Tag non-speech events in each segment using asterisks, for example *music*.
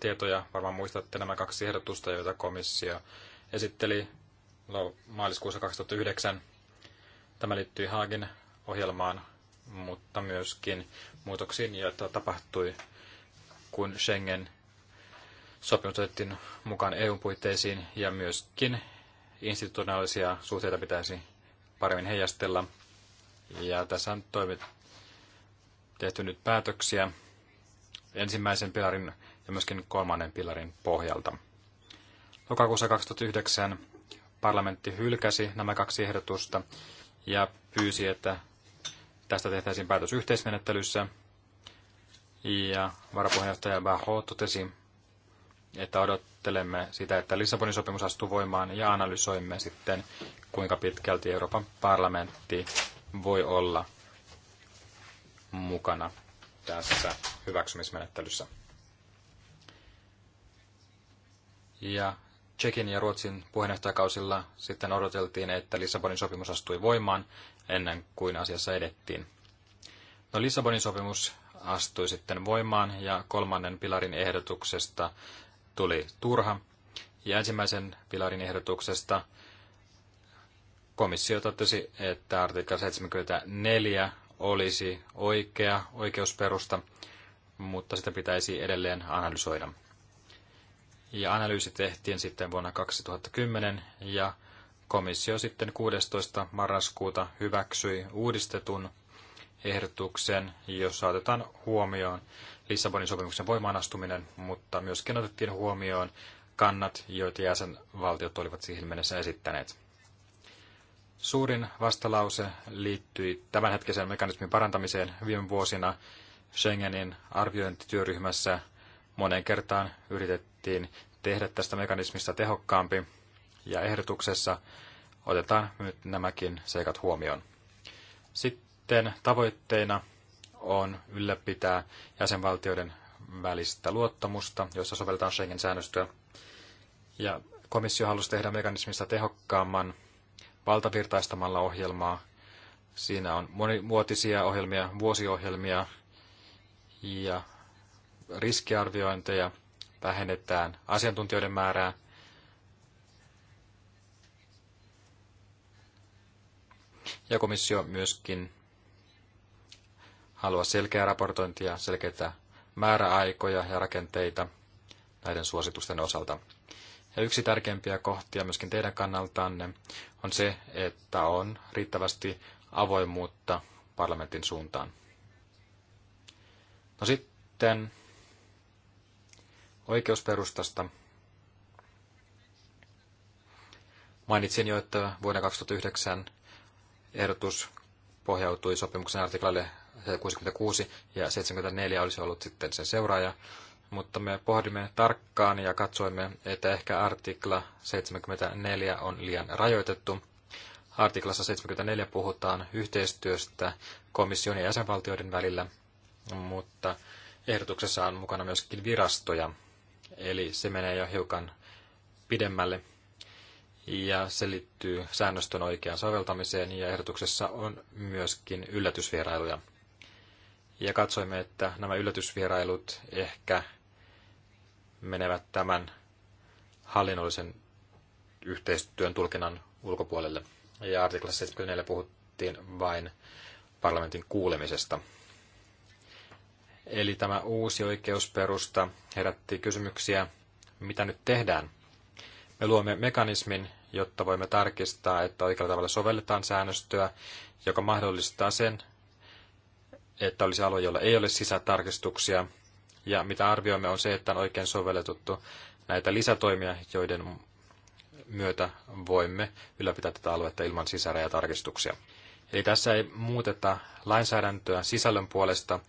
tietoja. Varmaan muistatte nämä kaksi ehdotusta, joita komissio esitteli maaliskuussa 2009. Tämä liittyy Haagin ohjelmaan, mutta myöskin muutoksiin, joita tapahtui, kun Schengen sopimus otettiin mukaan EUn puitteisiin ja myöskin institutionaalisia suhteita pitäisi paremmin heijastella. Ja tässä on toimit, tehty nyt päätöksiä ensimmäisen pilarin ja myöskin kolmannen pilarin pohjalta. Lokakuussa 2009 parlamentti hylkäsi nämä kaksi ehdotusta ja pyysi, että tästä tehtäisiin päätös yhteismenettelyssä. Ja varapuheenjohtaja Baho totesi, että odottelemme sitä, että Lissabonin sopimus astuu voimaan ja analysoimme sitten, kuinka pitkälti Euroopan parlamentti voi olla mukana tässä hyväksymismenettelyssä. Ja Tsekin ja Ruotsin puheenjohtajakausilla sitten odoteltiin, että Lissabonin sopimus astui voimaan ennen kuin asiassa edettiin. No Lissabonin sopimus astui sitten voimaan ja kolmannen pilarin ehdotuksesta tuli turha. Ja ensimmäisen pilarin ehdotuksesta komissio totesi, että artikla 74 olisi oikea oikeusperusta, mutta sitä pitäisi edelleen analysoida ja analyysi tehtiin sitten vuonna 2010 ja komissio sitten 16. marraskuuta hyväksyi uudistetun ehdotuksen, jossa otetaan huomioon Lissabonin sopimuksen voimaanastuminen, mutta myöskin otettiin huomioon kannat, joita jäsenvaltiot olivat siihen mennessä esittäneet. Suurin vastalause liittyi tämänhetkisen mekanismin parantamiseen viime vuosina Schengenin arviointityöryhmässä – Moneen kertaan yritettiin tehdä tästä mekanismista tehokkaampi, ja ehdotuksessa otetaan nyt nämäkin seikat huomioon. Sitten tavoitteena on ylläpitää jäsenvaltioiden välistä luottamusta, jossa sovelletaan Schengen-säännöstöä. Ja komissio halusi tehdä mekanismista tehokkaamman valtavirtaistamalla ohjelmaa. Siinä on monimuotisia ohjelmia, vuosiohjelmia ja riskiarviointeja, vähennetään asiantuntijoiden määrää. Ja komissio myöskin haluaa selkeää raportointia, selkeitä määräaikoja ja rakenteita näiden suositusten osalta. Ja yksi tärkeimpiä kohtia myöskin teidän kannaltanne on se, että on riittävästi avoimuutta parlamentin suuntaan. No sitten oikeusperustasta. Mainitsin jo, että vuonna 2009 ehdotus pohjautui sopimuksen artiklaille 66 ja 74 olisi ollut sitten sen seuraaja, mutta me pohdimme tarkkaan ja katsoimme, että ehkä artikla 74 on liian rajoitettu. Artiklassa 74 puhutaan yhteistyöstä komission ja jäsenvaltioiden välillä, mutta ehdotuksessa on mukana myöskin virastoja, Eli se menee jo hiukan pidemmälle ja se liittyy säännöstön oikeaan soveltamiseen ja ehdotuksessa on myöskin yllätysvierailuja. Ja katsoimme, että nämä yllätysvierailut ehkä menevät tämän hallinnollisen yhteistyön tulkinnan ulkopuolelle. Ja artiklassa 74 puhuttiin vain parlamentin kuulemisesta. Eli tämä uusi oikeusperusta herätti kysymyksiä, mitä nyt tehdään. Me luomme mekanismin, jotta voimme tarkistaa, että oikealla tavalla sovelletaan säännöstöä, joka mahdollistaa sen, että olisi alue, jolla ei ole sisätarkistuksia. Ja mitä arvioimme on se, että on oikein sovelletuttu näitä lisätoimia, joiden myötä voimme ylläpitää tätä aluetta ilman sisärajatarkistuksia. Eli tässä ei muuteta lainsäädäntöä sisällön puolesta,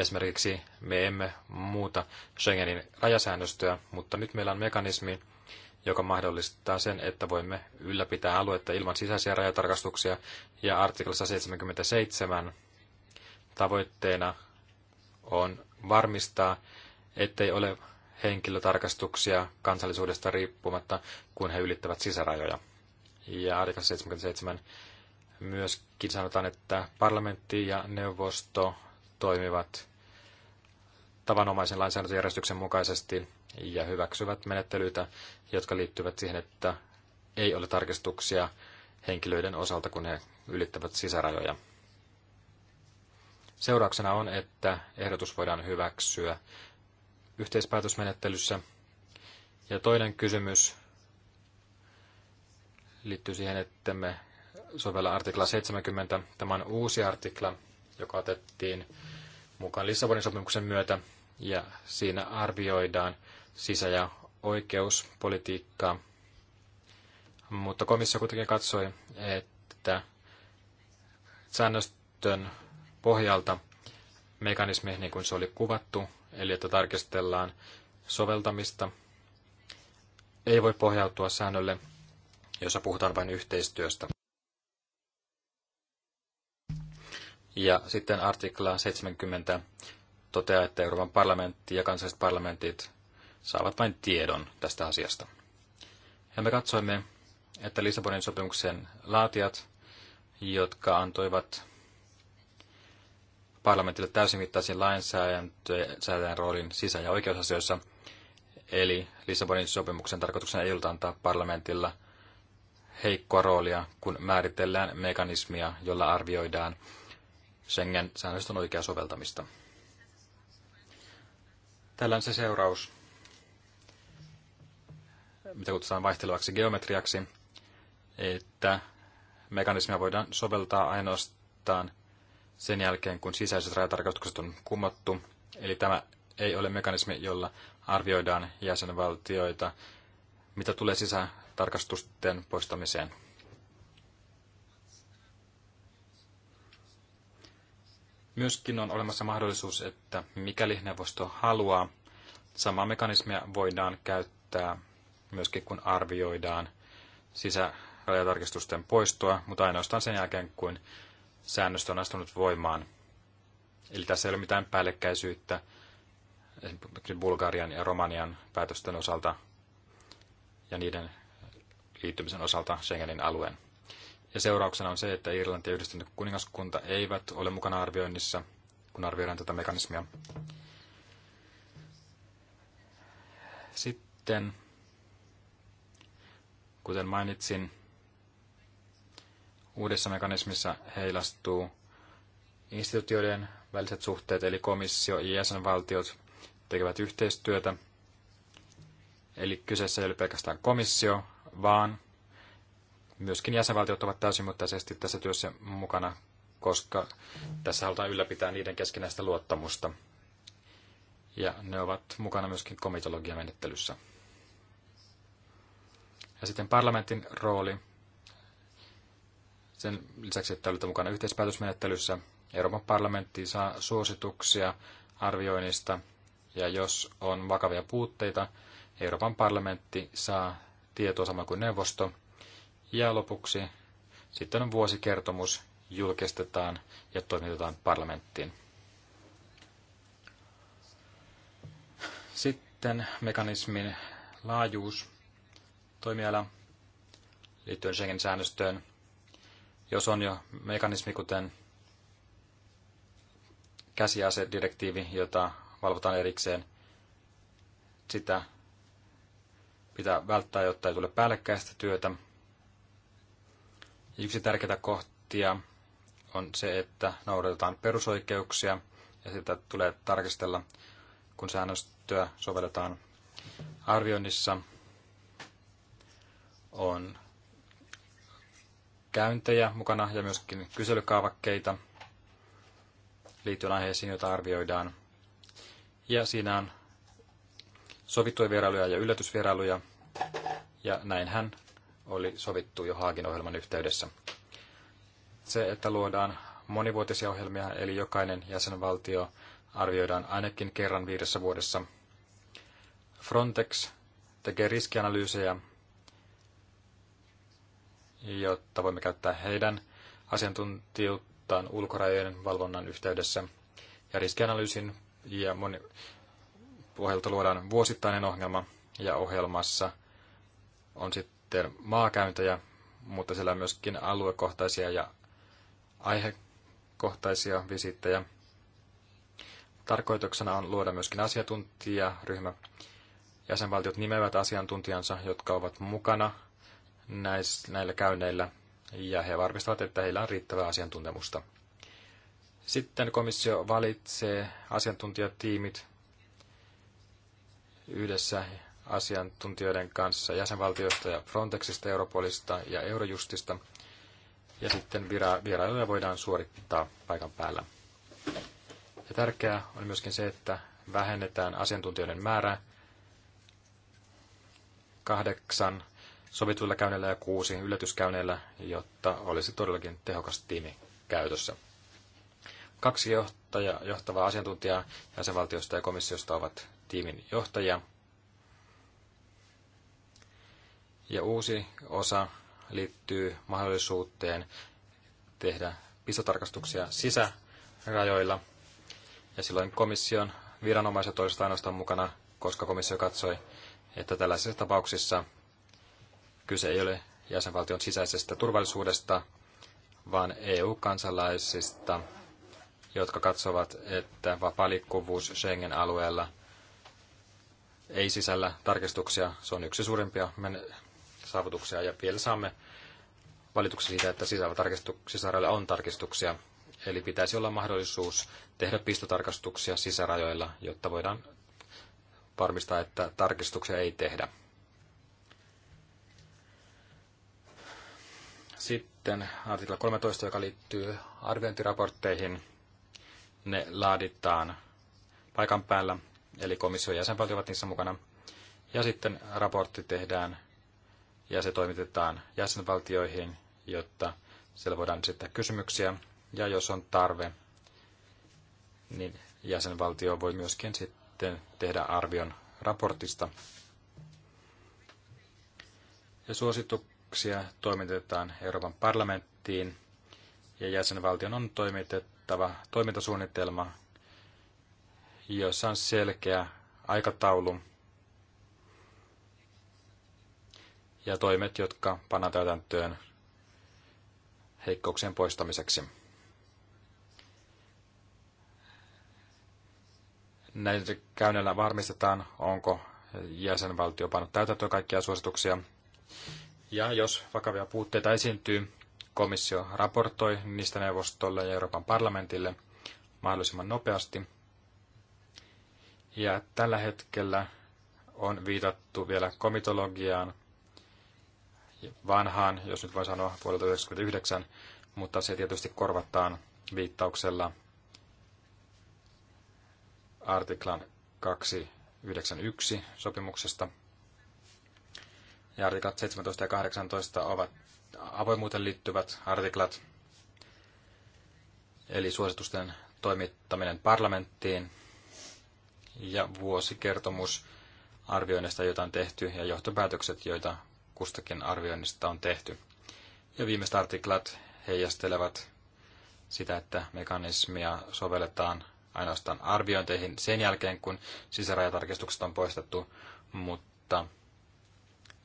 Esimerkiksi me emme muuta Schengenin rajasäännöstöä, mutta nyt meillä on mekanismi, joka mahdollistaa sen, että voimme ylläpitää aluetta ilman sisäisiä rajatarkastuksia ja artiklassa 77 tavoitteena on varmistaa, ettei ole henkilötarkastuksia kansallisuudesta riippumatta, kun he ylittävät sisärajoja. Ja artikla 77 myöskin sanotaan, että parlamentti ja neuvosto toimivat tavanomaisen lainsäädäntöjärjestyksen mukaisesti ja hyväksyvät menettelyitä, jotka liittyvät siihen, että ei ole tarkistuksia henkilöiden osalta, kun he ylittävät sisärajoja. Seurauksena on, että ehdotus voidaan hyväksyä yhteispäätösmenettelyssä. Ja toinen kysymys liittyy siihen, että me sovella artikla 70. Tämä on uusi artikla, joka otettiin mukaan Lissabonin sopimuksen myötä ja siinä arvioidaan sisä- ja oikeuspolitiikkaa. Mutta komissio kuitenkin katsoi, että säännöstön pohjalta mekanismi, niin kuin se oli kuvattu, eli että tarkistellaan soveltamista, ei voi pohjautua säännölle, jossa puhutaan vain yhteistyöstä. Ja sitten artikla 70 toteaa, että Euroopan parlamentti ja kansalliset parlamentit saavat vain tiedon tästä asiasta. Ja me katsoimme, että Lissabonin sopimuksen laatijat, jotka antoivat parlamentille täysimittaisen lainsäädäntöjen roolin sisä- ja oikeusasioissa, eli Lissabonin sopimuksen tarkoituksena ei ollut antaa parlamentilla heikkoa roolia, kun määritellään mekanismia, jolla arvioidaan Schengen-säännöstön oikea soveltamista. Tällä on se seuraus, mitä kutsutaan vaihtelevaksi geometriaksi, että mekanismia voidaan soveltaa ainoastaan sen jälkeen, kun sisäiset rajatarkastukset on kummattu. Eli tämä ei ole mekanismi, jolla arvioidaan jäsenvaltioita, mitä tulee sisätarkastusten poistamiseen. Myöskin on olemassa mahdollisuus, että mikäli neuvosto haluaa, samaa mekanismia voidaan käyttää myöskin kun arvioidaan sisärajatarkistusten poistoa, mutta ainoastaan sen jälkeen, kun säännöstö on astunut voimaan. Eli tässä ei ole mitään päällekkäisyyttä esimerkiksi Bulgarian ja Romanian päätösten osalta ja niiden liittymisen osalta Schengenin alueen ja seurauksena on se, että Irlanti ja yhdistynyt kuningaskunta eivät ole mukana arvioinnissa, kun arvioidaan tätä mekanismia. Sitten, kuten mainitsin, uudessa mekanismissa heilastuu instituutioiden väliset suhteet, eli komissio ja jäsenvaltiot tekevät yhteistyötä. Eli kyseessä ei ole pelkästään komissio, vaan myöskin jäsenvaltiot ovat täysimittaisesti tässä työssä mukana, koska tässä halutaan ylläpitää niiden keskinäistä luottamusta. Ja ne ovat mukana myöskin komitologiamenettelyssä. Ja sitten parlamentin rooli. Sen lisäksi, että olette mukana yhteispäätösmenettelyssä, Euroopan parlamentti saa suosituksia arvioinnista, ja jos on vakavia puutteita, Euroopan parlamentti saa tietoa sama kuin neuvosto, ja lopuksi sitten vuosikertomus julkistetaan ja toimitetaan parlamenttiin. Sitten mekanismin laajuus toimiala liittyen Schengen-säännöstöön. Jos on jo mekanismi, kuten käsiasedirektiivi, jota valvotaan erikseen, sitä pitää välttää, jotta ei tule päällekkäistä työtä Yksi tärkeitä kohtia on se, että noudatetaan perusoikeuksia ja sitä tulee tarkistella, kun säännöstöä sovelletaan arvioinnissa. On käyntejä mukana ja myöskin kyselykaavakkeita liittyen aiheisiin, joita arvioidaan. Ja siinä on sovittuja vierailuja ja yllätysvierailuja. Ja näinhän oli sovittu jo Haagin ohjelman yhteydessä. Se, että luodaan monivuotisia ohjelmia, eli jokainen jäsenvaltio arvioidaan ainakin kerran viidessä vuodessa. Frontex tekee riskianalyysejä, jotta voimme käyttää heidän asiantuntijuuttaan ulkorajojen valvonnan yhteydessä. Ja riskianalyysin ja moni, pohjalta luodaan vuosittainen ohjelma, ja ohjelmassa on sitten sitten maakäyntejä, mutta siellä on myöskin aluekohtaisia ja aihekohtaisia visittejä. Tarkoituksena on luoda myöskin asiantuntijaryhmä. Jäsenvaltiot nimevät asiantuntijansa, jotka ovat mukana näis, näillä käynneillä, ja he varmistavat, että heillä on riittävää asiantuntemusta. Sitten komissio valitsee asiantuntijatiimit yhdessä asiantuntijoiden kanssa jäsenvaltioista ja Frontexista, Europolista ja Eurojustista. Ja sitten vierailuja voidaan suorittaa paikan päällä. Ja tärkeää on myöskin se, että vähennetään asiantuntijoiden määrää kahdeksan sovituilla käynneillä ja kuusi yllätyskäynneillä, jotta olisi todellakin tehokas tiimi käytössä. Kaksi johtaja, johtavaa asiantuntijaa jäsenvaltiosta ja komissiosta ovat tiimin johtajia. Ja uusi osa liittyy mahdollisuuteen tehdä pistotarkastuksia sisärajoilla. Ja silloin komission viranomaiset olisivat ainoastaan mukana, koska komissio katsoi, että tällaisissa tapauksissa kyse ei ole jäsenvaltion sisäisestä turvallisuudesta, vaan EU-kansalaisista, jotka katsovat, että vapaa liikkuvuus Schengen-alueella ei sisällä tarkistuksia. Se on yksi suurimpia saavutuksia ja vielä saamme valituksia siitä, että sisärajoilla on tarkistuksia. Eli pitäisi olla mahdollisuus tehdä pistotarkastuksia sisärajoilla, jotta voidaan varmistaa, että tarkistuksia ei tehdä. Sitten artikla 13, joka liittyy arviointiraportteihin. Ne laaditaan paikan päällä, eli komission jäsenvaltiot ovat niissä mukana. Ja sitten raportti tehdään ja se toimitetaan jäsenvaltioihin, jotta siellä voidaan esittää kysymyksiä. Ja jos on tarve, niin jäsenvaltio voi myöskin sitten tehdä arvion raportista. Ja suosituksia toimitetaan Euroopan parlamenttiin ja jäsenvaltion on toimitettava toimintasuunnitelma, jossa on selkeä aikataulu ja toimet, jotka pannaan täytäntöön heikkouksien poistamiseksi. Näillä käynnillä varmistetaan, onko jäsenvaltio pannut täytäntöön kaikkia suosituksia. Ja jos vakavia puutteita esiintyy, komissio raportoi niistä neuvostolle ja Euroopan parlamentille mahdollisimman nopeasti. Ja tällä hetkellä on viitattu vielä komitologiaan vanhaan, jos nyt voi sanoa, vuodelta 1999, mutta se tietysti korvataan viittauksella artiklan 291 sopimuksesta. Ja artiklat 17 ja 18 ovat avoimuuteen liittyvät artiklat, eli suositusten toimittaminen parlamenttiin ja vuosikertomus arvioinnista, joita on tehty, ja johtopäätökset, joita kustakin arvioinnista on tehty. Ja viimeiset artiklat heijastelevat sitä, että mekanismia sovelletaan ainoastaan arviointeihin sen jälkeen, kun sisärajatarkistukset on poistettu, mutta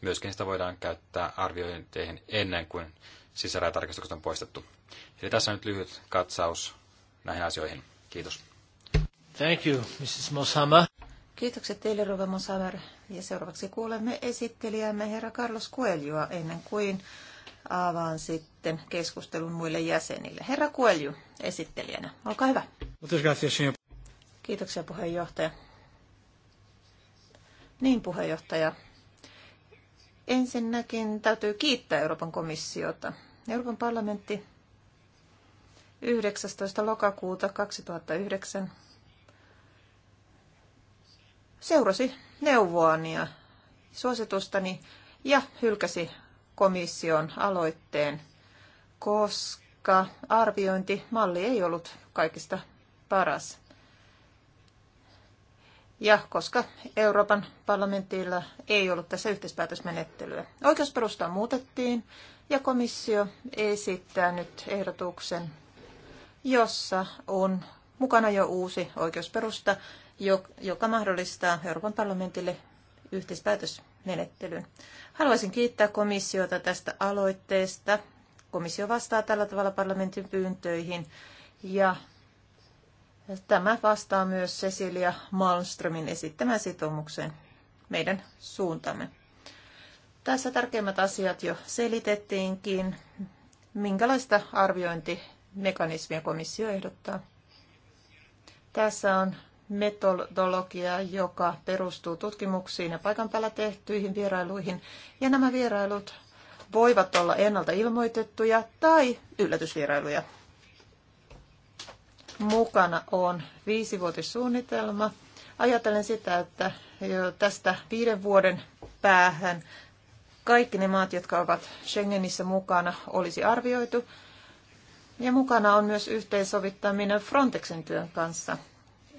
myöskin sitä voidaan käyttää arviointeihin ennen kuin sisärajatarkistukset on poistettu. Eli tässä on nyt lyhyt katsaus näihin asioihin. Kiitos. Thank you, Mrs. Moshammer. Kiitokset teille, Rova Mosamer. Ja seuraavaksi kuulemme esittelijämme herra Carlos Kueljua ennen kuin avaan sitten keskustelun muille jäsenille. Herra Kuelju, esittelijänä, olkaa hyvä. Kiitoksia puheenjohtaja. Niin puheenjohtaja. Ensinnäkin täytyy kiittää Euroopan komissiota. Euroopan parlamentti 19. lokakuuta 2009 seurasi neuvoani suositustani ja hylkäsi komission aloitteen, koska arviointimalli ei ollut kaikista paras. Ja koska Euroopan parlamentilla ei ollut tässä yhteispäätösmenettelyä. Oikeusperustaa muutettiin ja komissio esittää nyt ehdotuksen, jossa on mukana jo uusi oikeusperusta, joka mahdollistaa Euroopan parlamentille yhteispäätösmenettelyn. Haluaisin kiittää komissiota tästä aloitteesta. Komissio vastaa tällä tavalla parlamentin pyyntöihin ja tämä vastaa myös Cecilia Malmströmin esittämään sitoumukseen meidän suuntamme. Tässä tärkeimmät asiat jo selitettiinkin. Minkälaista arviointimekanismia komissio ehdottaa? Tässä on metodologia, joka perustuu tutkimuksiin ja paikan päällä tehtyihin vierailuihin. Ja nämä vierailut voivat olla ennalta ilmoitettuja tai yllätysvierailuja. Mukana on viisivuotissuunnitelma. Ajattelen sitä, että jo tästä viiden vuoden päähän kaikki ne maat, jotka ovat Schengenissä mukana, olisi arvioitu. Ja mukana on myös yhteensovittaminen Frontexin työn kanssa –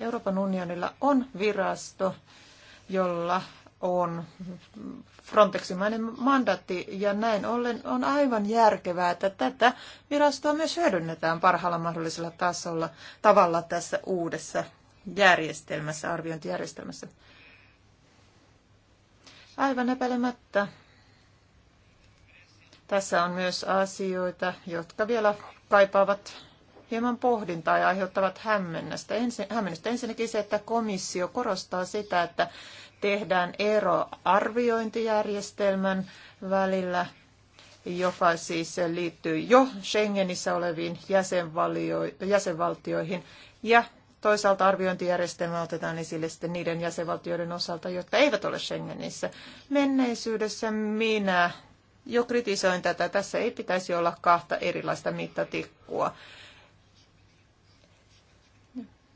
Euroopan unionilla on virasto, jolla on Fronteximainen mandaatti ja näin ollen on aivan järkevää, että tätä virastoa myös hyödynnetään parhaalla mahdollisella tasolla tavalla tässä uudessa järjestelmässä, arviointijärjestelmässä. Aivan epäilemättä. Tässä on myös asioita, jotka vielä kaipaavat hieman pohdintaa ja aiheuttavat hämmennästä. Ensin, hämmennästä. ensinnäkin se, että komissio korostaa sitä, että tehdään ero arviointijärjestelmän välillä, joka siis liittyy jo Schengenissä oleviin jäsenvaltioihin, ja toisaalta arviointijärjestelmä otetaan esille sitten niiden jäsenvaltioiden osalta, jotka eivät ole Schengenissä. Menneisyydessä minä jo kritisoin tätä. Tässä ei pitäisi olla kahta erilaista mittatikkua.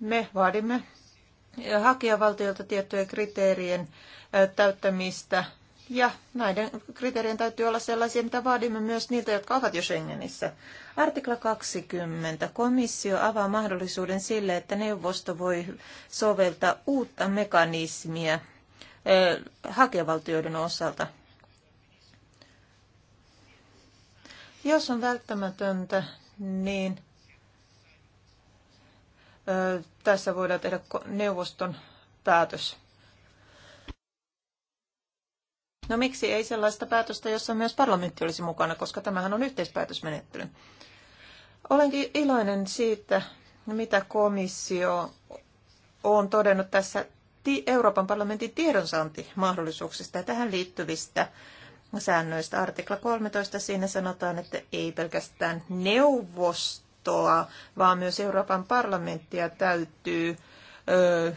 Me vaadimme hakijavaltiolta tiettyjen kriteerien täyttämistä ja näiden kriteerien täytyy olla sellaisia, mitä vaadimme myös niiltä, jotka ovat jo Schengenissä. Artikla 20. Komissio avaa mahdollisuuden sille, että neuvosto voi soveltaa uutta mekanismia hakevaltioiden osalta. Jos on välttämätöntä, niin tässä voidaan tehdä neuvoston päätös. No miksi ei sellaista päätöstä, jossa myös parlamentti olisi mukana, koska tämähän on yhteispäätösmenettely. Olenkin iloinen siitä, mitä komissio on todennut tässä Euroopan parlamentin tiedonsaantimahdollisuuksista ja tähän liittyvistä säännöistä. Artikla 13 siinä sanotaan, että ei pelkästään neuvosto, NATOa, vaan myös Euroopan parlamenttia täytyy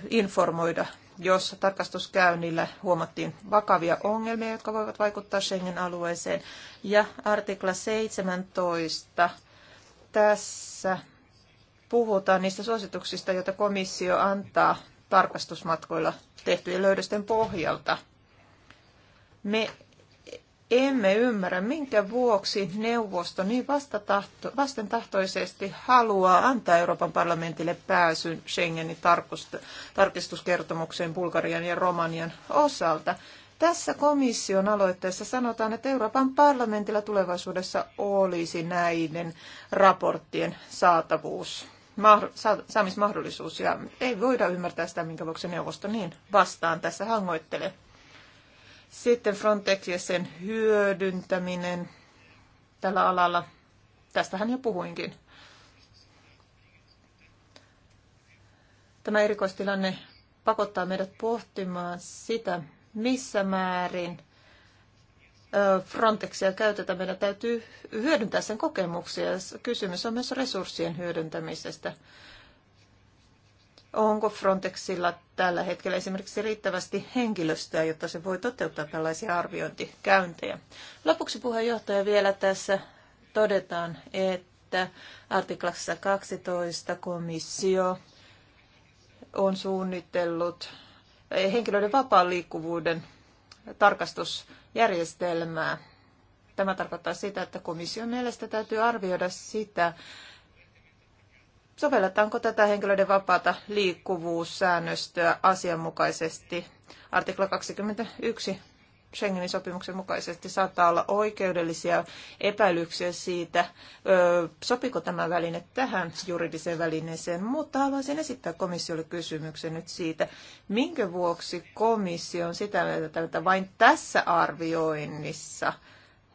informoida, jos tarkastuskäynnillä huomattiin vakavia ongelmia, jotka voivat vaikuttaa Schengen-alueeseen. Ja artikla 17 tässä puhutaan niistä suosituksista, joita komissio antaa tarkastusmatkoilla tehtyjen löydösten pohjalta. Me emme ymmärrä, minkä vuoksi neuvosto niin vastatahto, vastentahtoisesti haluaa antaa Euroopan parlamentille pääsyn Schengenin tarkistuskertomukseen Bulgarian ja Romanian osalta. Tässä komission aloitteessa sanotaan, että Euroopan parlamentilla tulevaisuudessa olisi näiden raporttien saatavuus, saamismahdollisuus. Ja ei voida ymmärtää sitä, minkä vuoksi neuvosto niin vastaan tässä hangoittelee. Sitten Frontex ja sen hyödyntäminen tällä alalla. Tästähän jo puhuinkin. Tämä erikoistilanne pakottaa meidät pohtimaan sitä, missä määrin Frontexia käytetään. Meidän täytyy hyödyntää sen kokemuksia. Kysymys on myös resurssien hyödyntämisestä. Onko Frontexilla tällä hetkellä esimerkiksi riittävästi henkilöstöä, jotta se voi toteuttaa tällaisia arviointikäyntejä? Lopuksi puheenjohtaja vielä tässä todetaan, että artiklassa 12 komissio on suunnitellut henkilöiden vapaan liikkuvuuden tarkastusjärjestelmää. Tämä tarkoittaa sitä, että komission mielestä täytyy arvioida sitä, Sovelletaanko tätä henkilöiden vapaata liikkuvuussäännöstöä asianmukaisesti? Artikla 21 Schengenin sopimuksen mukaisesti saattaa olla oikeudellisia epäilyksiä siitä, sopiko tämä väline tähän juridiseen välineeseen, mutta haluaisin esittää komissiolle kysymyksen nyt siitä, minkä vuoksi komissio on sitä mieltä, että vain tässä arvioinnissa –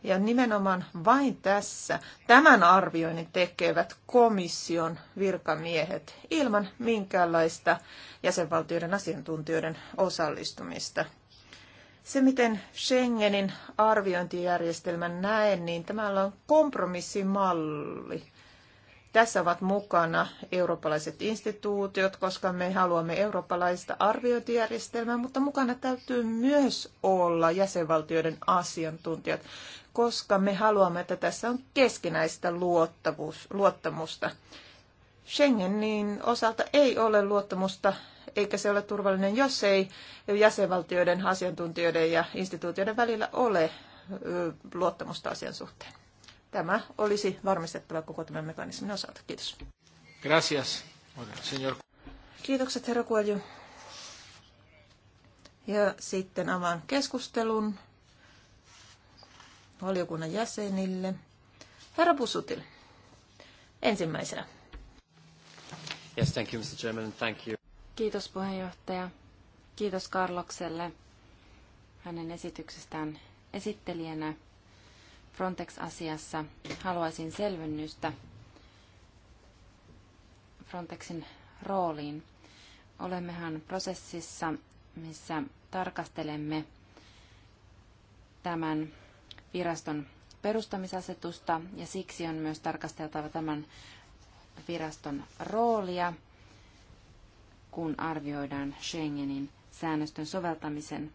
ja nimenomaan vain tässä tämän arvioinnin tekevät komission virkamiehet ilman minkäänlaista jäsenvaltioiden asiantuntijoiden osallistumista. Se, miten Schengenin arviointijärjestelmän näen, niin tämä on kompromissimalli. Tässä ovat mukana eurooppalaiset instituutiot, koska me haluamme eurooppalaista arviointijärjestelmää, mutta mukana täytyy myös olla jäsenvaltioiden asiantuntijat, koska me haluamme, että tässä on keskinäistä luottamusta. Schengenin osalta ei ole luottamusta, eikä se ole turvallinen, jos ei jäsenvaltioiden, asiantuntijoiden ja instituutioiden välillä ole luottamusta asian suhteen. Tämä olisi varmistettava koko tämän mekanismin osalta. Kiitos. Gracias, señor. Kiitokset, herra Kuoju. Ja sitten avaan keskustelun valiokunnan jäsenille. Herra Busutil, ensimmäisenä. Yes, thank you, Mr. Chairman, thank you. Kiitos puheenjohtaja. Kiitos Karlokselle hänen esityksestään esittelijänä Frontex-asiassa. Haluaisin selvennystä Frontexin rooliin. Olemmehan prosessissa, missä tarkastelemme tämän viraston perustamisasetusta ja siksi on myös tarkasteltava tämän viraston roolia, kun arvioidaan Schengenin säännöstön soveltamisen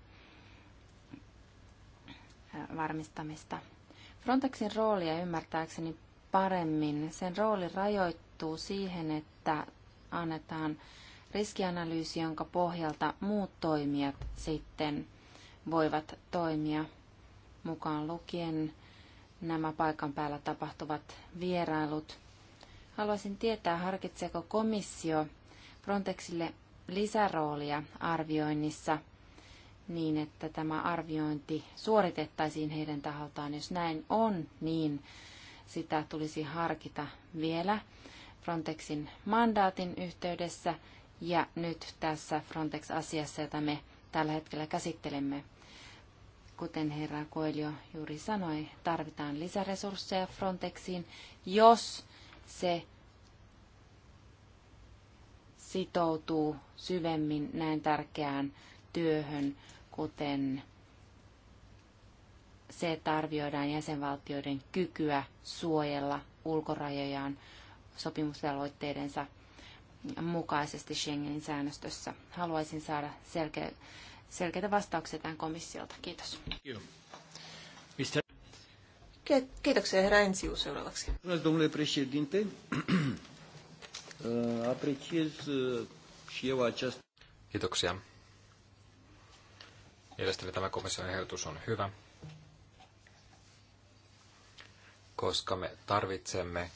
varmistamista. Frontexin roolia ymmärtääkseni paremmin. Sen rooli rajoittuu siihen, että annetaan riskianalyysi, jonka pohjalta muut toimijat sitten voivat toimia mukaan lukien nämä paikan päällä tapahtuvat vierailut. Haluaisin tietää, harkitseeko komissio Frontexille lisäroolia arvioinnissa niin, että tämä arviointi suoritettaisiin heidän taholtaan. Jos näin on, niin sitä tulisi harkita vielä Frontexin mandaatin yhteydessä ja nyt tässä Frontex-asiassa, jota me tällä hetkellä käsittelemme kuten herra Koelio juuri sanoi, tarvitaan lisäresursseja Frontexiin, jos se sitoutuu syvemmin näin tärkeään työhön, kuten se, että arvioidaan jäsenvaltioiden kykyä suojella ulkorajojaan sopimusvelvoitteidensa mukaisesti Schengenin säännöstössä. Haluaisin saada selkeä selkeitä vastauksia tämän komissiolta. Kiitos. Kiitoksia, herra Ensiu, seuraavaksi. Domnule președinte, *clears throat* apreciez și eu acest... Kiitoksia. Mielestäni tämä komission ehdotus on hyvä, koska me tarvitsemme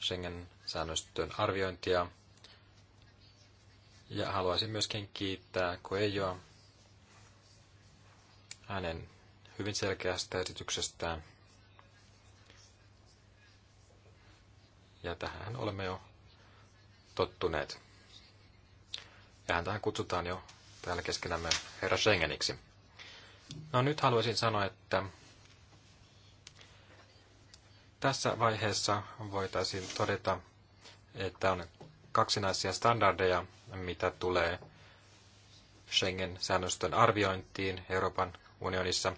Schengen-säännöstön arviointia – ja haluaisin myöskin kiittää Koejoa hänen hyvin selkeästä esityksestään. Ja tähän olemme jo tottuneet. Ja häntähän kutsutaan jo täällä keskenämme herra Schengeniksi. No nyt haluaisin sanoa, että tässä vaiheessa voitaisiin todeta, että on kaksinaisia standardeja, mitä tulee Schengen-säännöstön arviointiin Euroopan unionissa.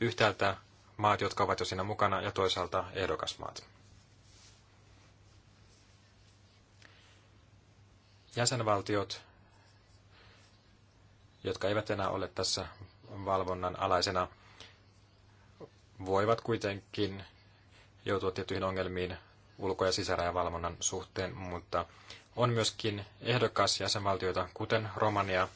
Yhtäältä maat, jotka ovat jo siinä mukana, ja toisaalta ehdokasmaat. Jäsenvaltiot, jotka eivät enää ole tässä valvonnan alaisena, voivat kuitenkin joutua tiettyihin ongelmiin ulko- ja sisärajavalvonnan suhteen, mutta on myöskin ehdokas jäsenvaltioita, kuten Romania.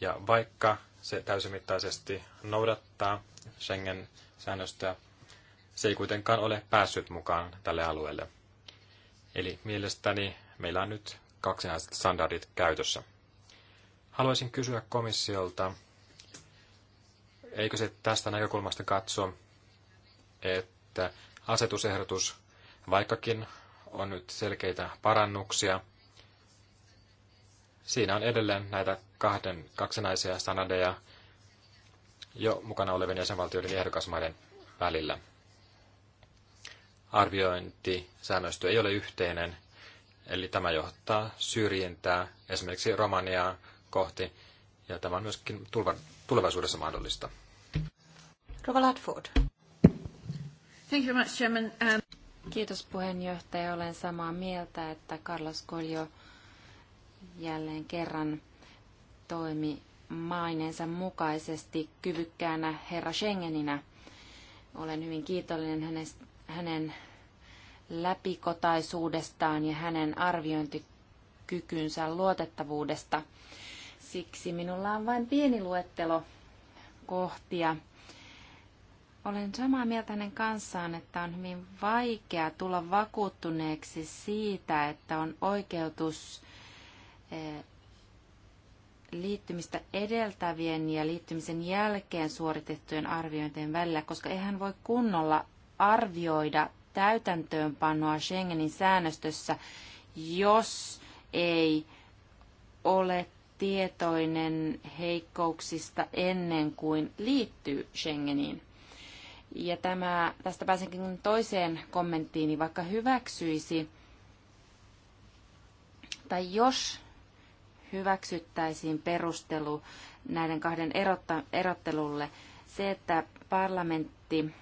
Ja vaikka se täysimittaisesti noudattaa schengen säännöstöä se ei kuitenkaan ole päässyt mukaan tälle alueelle. Eli mielestäni meillä on nyt kaksinaiset standardit käytössä. Haluaisin kysyä komissiolta, eikö se tästä näkökulmasta katso, että asetusehdotus Vaikkakin on nyt selkeitä parannuksia, siinä on edelleen näitä kahden, kaksinaisia sanadeja jo mukana olevien jäsenvaltioiden ehdokasmaiden välillä. Arviointisäännöstö ei ole yhteinen, eli tämä johtaa syrjintää esimerkiksi Romaniaa kohti, ja tämä on myöskin tulevaisuudessa mahdollista. Rova Ladford. Thank you very much, Chairman. Um... Kiitos puheenjohtaja. Olen samaa mieltä, että Carlos Koljo jälleen kerran toimi maineensa mukaisesti kyvykkäänä herra Schengeninä. Olen hyvin kiitollinen hänen läpikotaisuudestaan ja hänen arviointikykynsä luotettavuudesta. Siksi minulla on vain pieni luettelo kohtia, olen samaa mieltä hänen kanssaan, että on hyvin vaikea tulla vakuuttuneeksi siitä, että on oikeutus eh, liittymistä edeltävien ja liittymisen jälkeen suoritettujen arviointien välillä, koska eihän voi kunnolla arvioida täytäntöönpanoa Schengenin säännöstössä, jos ei ole tietoinen heikkouksista ennen kuin liittyy Schengeniin. Ja tämä, tästä pääsenkin toiseen kommenttiini, vaikka hyväksyisi, tai jos hyväksyttäisiin perustelu näiden kahden erotta, erottelulle, se, että parlamentti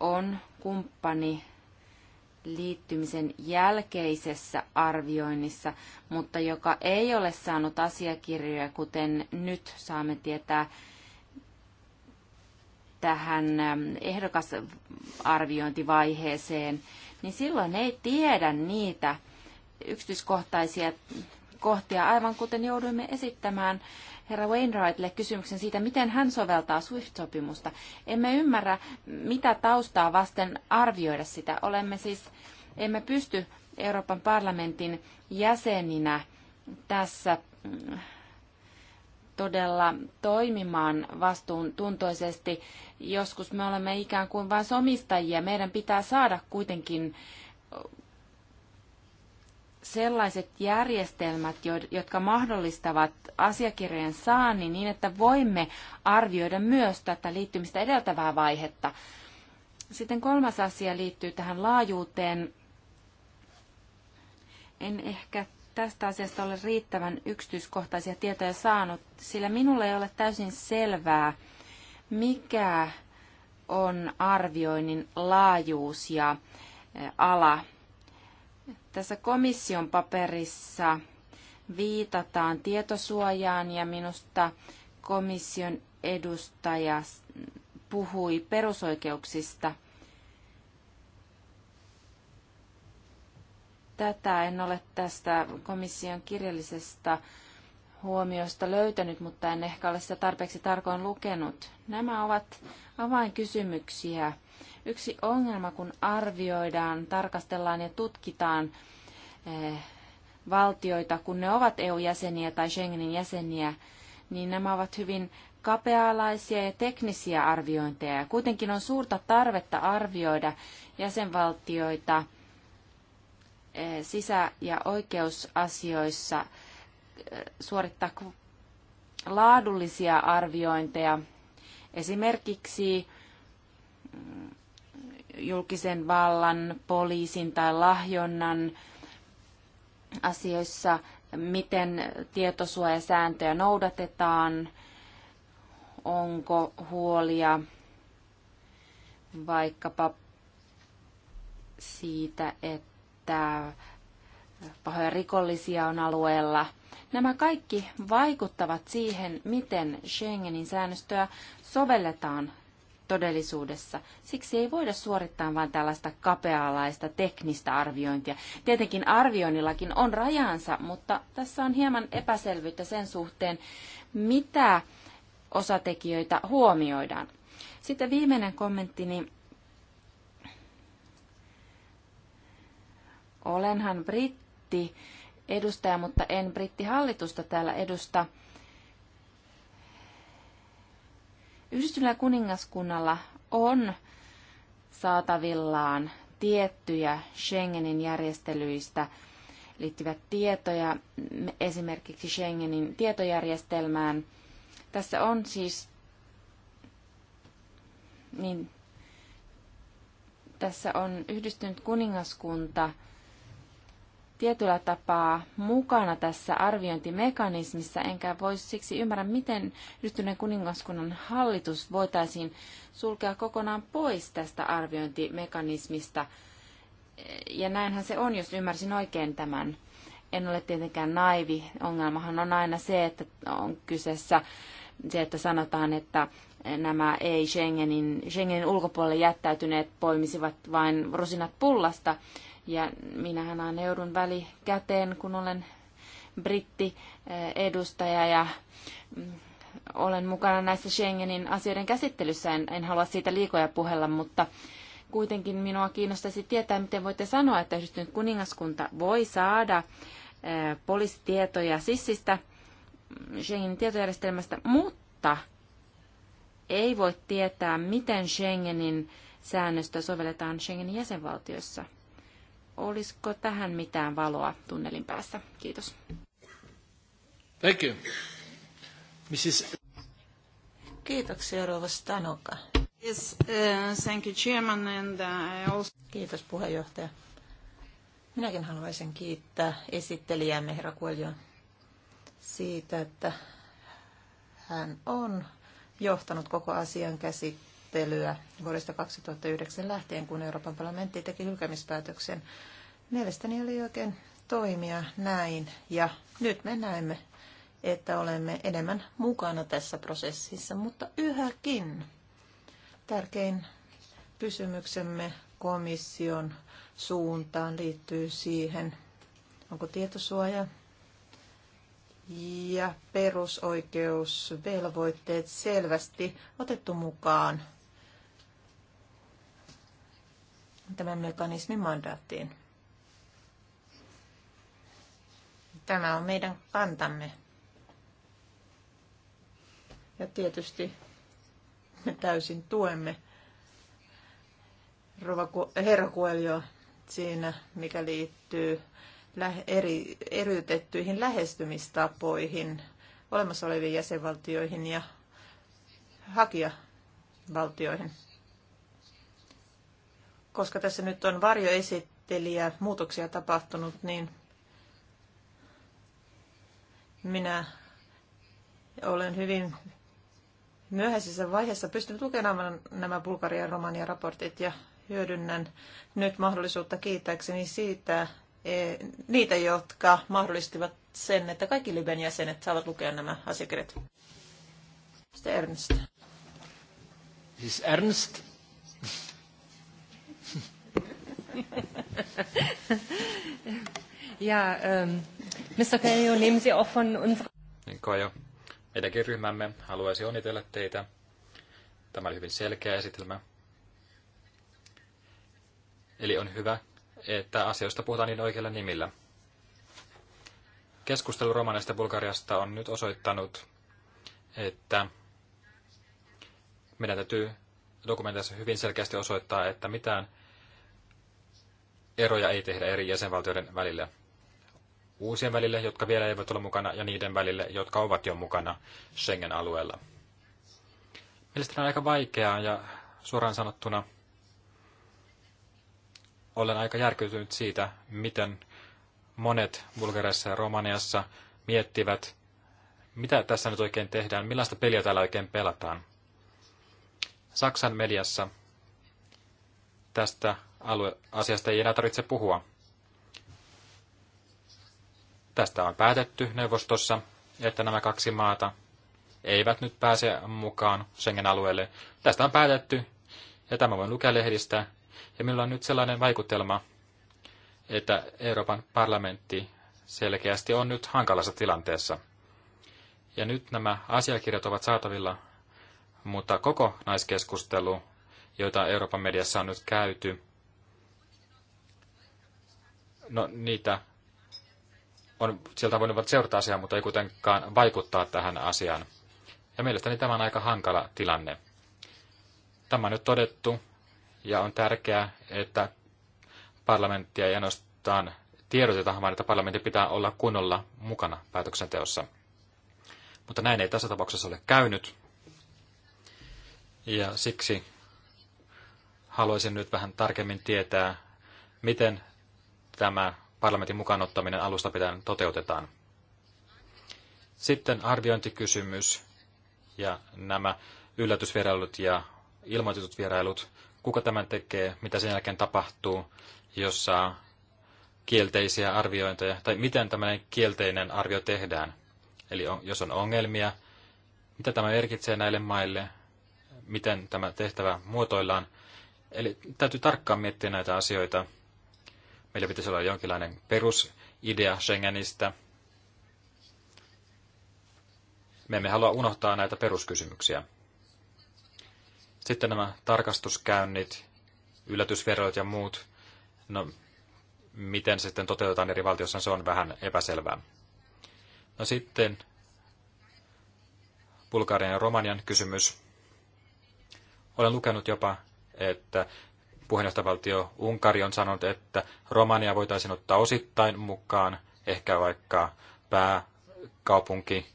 on kumppani liittymisen jälkeisessä arvioinnissa, mutta joka ei ole saanut asiakirjoja, kuten nyt saamme tietää tähän ehdokasarviointivaiheeseen, niin silloin ei tiedä niitä yksityiskohtaisia kohtia, aivan kuten jouduimme esittämään herra Wainwrightille kysymyksen siitä, miten hän soveltaa SWIFT-sopimusta. Emme ymmärrä, mitä taustaa vasten arvioida sitä. Olemme siis, emme pysty Euroopan parlamentin jäseninä tässä mm, todella toimimaan vastuuntuntoisesti. Joskus me olemme ikään kuin vain somistajia. Meidän pitää saada kuitenkin sellaiset järjestelmät, jotka mahdollistavat asiakirjojen saannin niin, että voimme arvioida myös tätä liittymistä edeltävää vaihetta. Sitten kolmas asia liittyy tähän laajuuteen. En ehkä tästä asiasta ole riittävän yksityiskohtaisia tietoja saanut, sillä minulle ei ole täysin selvää, mikä on arvioinnin laajuus ja e, ala. Tässä komission paperissa viitataan tietosuojaan ja minusta komission edustaja puhui perusoikeuksista – tätä. En ole tästä komission kirjallisesta huomiosta löytänyt, mutta en ehkä ole sitä tarpeeksi tarkoin lukenut. Nämä ovat avainkysymyksiä. Yksi ongelma, kun arvioidaan, tarkastellaan ja tutkitaan eh, valtioita, kun ne ovat EU-jäseniä tai Schengenin jäseniä, niin nämä ovat hyvin kapealaisia ja teknisiä arviointeja. Kuitenkin on suurta tarvetta arvioida jäsenvaltioita Eh, sisä- ja oikeusasioissa eh, suorittaa laadullisia arviointeja, esimerkiksi mm, julkisen vallan, poliisin tai lahjonnan asioissa, miten tietosuojasääntöjä noudatetaan, onko huolia vaikkapa siitä, että että pahoja rikollisia on alueella. Nämä kaikki vaikuttavat siihen, miten Schengenin säännöstöä sovelletaan todellisuudessa. Siksi ei voida suorittaa vain tällaista kapealaista teknistä arviointia. Tietenkin arvioinnillakin on rajansa, mutta tässä on hieman epäselvyyttä sen suhteen, mitä osatekijöitä huomioidaan. Sitten viimeinen kommenttini Olenhan britti edustaja, mutta en brittihallitusta täällä edusta. Yhdistyneellä kuningaskunnalla on saatavillaan tiettyjä Schengenin järjestelyistä liittyvät tietoja, esimerkiksi Schengenin tietojärjestelmään. Tässä on siis niin tässä on yhdistynyt kuningaskunta tietyllä tapaa mukana tässä arviointimekanismissa, enkä voisi siksi ymmärrä, miten yhtyneen kuningaskunnan hallitus voitaisiin sulkea kokonaan pois tästä arviointimekanismista. Ja näinhän se on, jos ymmärsin oikein tämän. En ole tietenkään naivi. Ongelmahan on aina se, että on kyseessä se, että sanotaan, että nämä ei Schengenin, Schengenin ulkopuolelle jättäytyneet poimisivat vain rosinat pullasta. Ja minähän aina joudun välikäteen, kun olen britti eh, edustaja ja mm, olen mukana näissä Schengenin asioiden käsittelyssä. En, en halua siitä liikoja puhella, mutta kuitenkin minua kiinnostaisi tietää, miten voitte sanoa, että yhdistynyt kuningaskunta voi saada eh, poliisitietoja sissistä mm, Schengenin tietojärjestelmästä, mutta ei voi tietää, miten Schengenin säännöstä sovelletaan Schengenin jäsenvaltioissa. Olisiko tähän mitään valoa tunnelin päässä? Kiitos. Thank you. Mrs. Kiitoksia, Rova Stanoka. Yes, uh, thank you, Chairman, and I uh, also... Kiitos, puheenjohtaja. Minäkin haluaisin kiittää esittelijämme herra Kueljon siitä, että hän on johtanut koko asian käsittelyä vuodesta 2009 lähtien, kun Euroopan parlamentti teki hylkäämispäätöksen. Mielestäni oli oikein toimia näin ja nyt me näemme, että olemme enemmän mukana tässä prosessissa, mutta yhäkin tärkein kysymyksemme komission suuntaan liittyy siihen, onko tietosuoja ja perusoikeusvelvoitteet selvästi otettu mukaan tämän mekanismin mandaattiin. Tämä on meidän kantamme. Ja tietysti me täysin tuemme herra siinä, mikä liittyy eri, eriytettyihin lähestymistapoihin olemassa oleviin jäsenvaltioihin ja hakijavaltioihin. Koska tässä nyt on varjoesittelijä, muutoksia tapahtunut, niin minä olen hyvin myöhäisessä vaiheessa pystynyt lukemaan nämä Bulgarian romania raportit ja hyödynnän nyt mahdollisuutta kiittääkseni siitä, Eh, niitä, jotka mahdollistivat sen, että kaikki Liben jäsenet saavat lukea nämä asiakirjat. Sitten Ernst. Siis Ernst. *laughs* ja, um, Mr. Kajo, nehmen Sie auch von Niin, Kajo, meidänkin ryhmämme haluaisi onnitella teitä. Tämä oli hyvin selkeä esitelmä. Eli on hyvä, että asioista puhutaan niin oikeilla nimillä. Keskustelu romaneista Bulgariasta on nyt osoittanut, että meidän täytyy dokumenteissa hyvin selkeästi osoittaa, että mitään eroja ei tehdä eri jäsenvaltioiden välillä. Uusien välille, jotka vielä eivät ole mukana, ja niiden välille, jotka ovat jo mukana Schengen-alueella. Mielestäni on aika vaikeaa ja suoraan sanottuna – olen aika järkytynyt siitä, miten monet Bulgariassa ja Romaniassa miettivät, mitä tässä nyt oikein tehdään, millaista peliä täällä oikein pelataan. Saksan mediassa tästä asiasta ei enää tarvitse puhua. Tästä on päätetty neuvostossa, että nämä kaksi maata eivät nyt pääse mukaan Schengen-alueelle. Tästä on päätetty, ja tämä voin lukea lehdistä, ja meillä on nyt sellainen vaikutelma, että Euroopan parlamentti selkeästi on nyt hankalassa tilanteessa. Ja nyt nämä asiakirjat ovat saatavilla, mutta koko naiskeskustelu, joita Euroopan mediassa on nyt käyty, no niitä on sieltä voinut seurata asiaa, mutta ei kuitenkaan vaikuttaa tähän asiaan. Ja mielestäni tämä on aika hankala tilanne. Tämä on nyt todettu, ja on tärkeää, että parlamenttia ei ainoastaan tiedoteta, vaan että parlamentti pitää olla kunnolla mukana päätöksenteossa. Mutta näin ei tässä tapauksessa ole käynyt. Ja siksi haluaisin nyt vähän tarkemmin tietää, miten tämä parlamentin mukaanottaminen alusta pitää toteutetaan. Sitten arviointikysymys ja nämä yllätysvierailut ja ilmoitetut vierailut kuka tämän tekee, mitä sen jälkeen tapahtuu, jos saa kielteisiä arviointeja, tai miten tämmöinen kielteinen arvio tehdään. Eli on, jos on ongelmia, mitä tämä merkitsee näille maille, miten tämä tehtävä muotoillaan. Eli täytyy tarkkaan miettiä näitä asioita. Meillä pitäisi olla jonkinlainen perusidea Schengenistä. Me emme halua unohtaa näitä peruskysymyksiä. Sitten nämä tarkastuskäynnit, yllätysverot ja muut. No, miten sitten toteutetaan eri valtiossa, se on vähän epäselvää. No sitten Bulgarian ja Romanian kysymys. Olen lukenut jopa, että puheenjohtajavaltio Unkari on sanonut, että Romania voitaisiin ottaa osittain mukaan, ehkä vaikka pääkaupunki,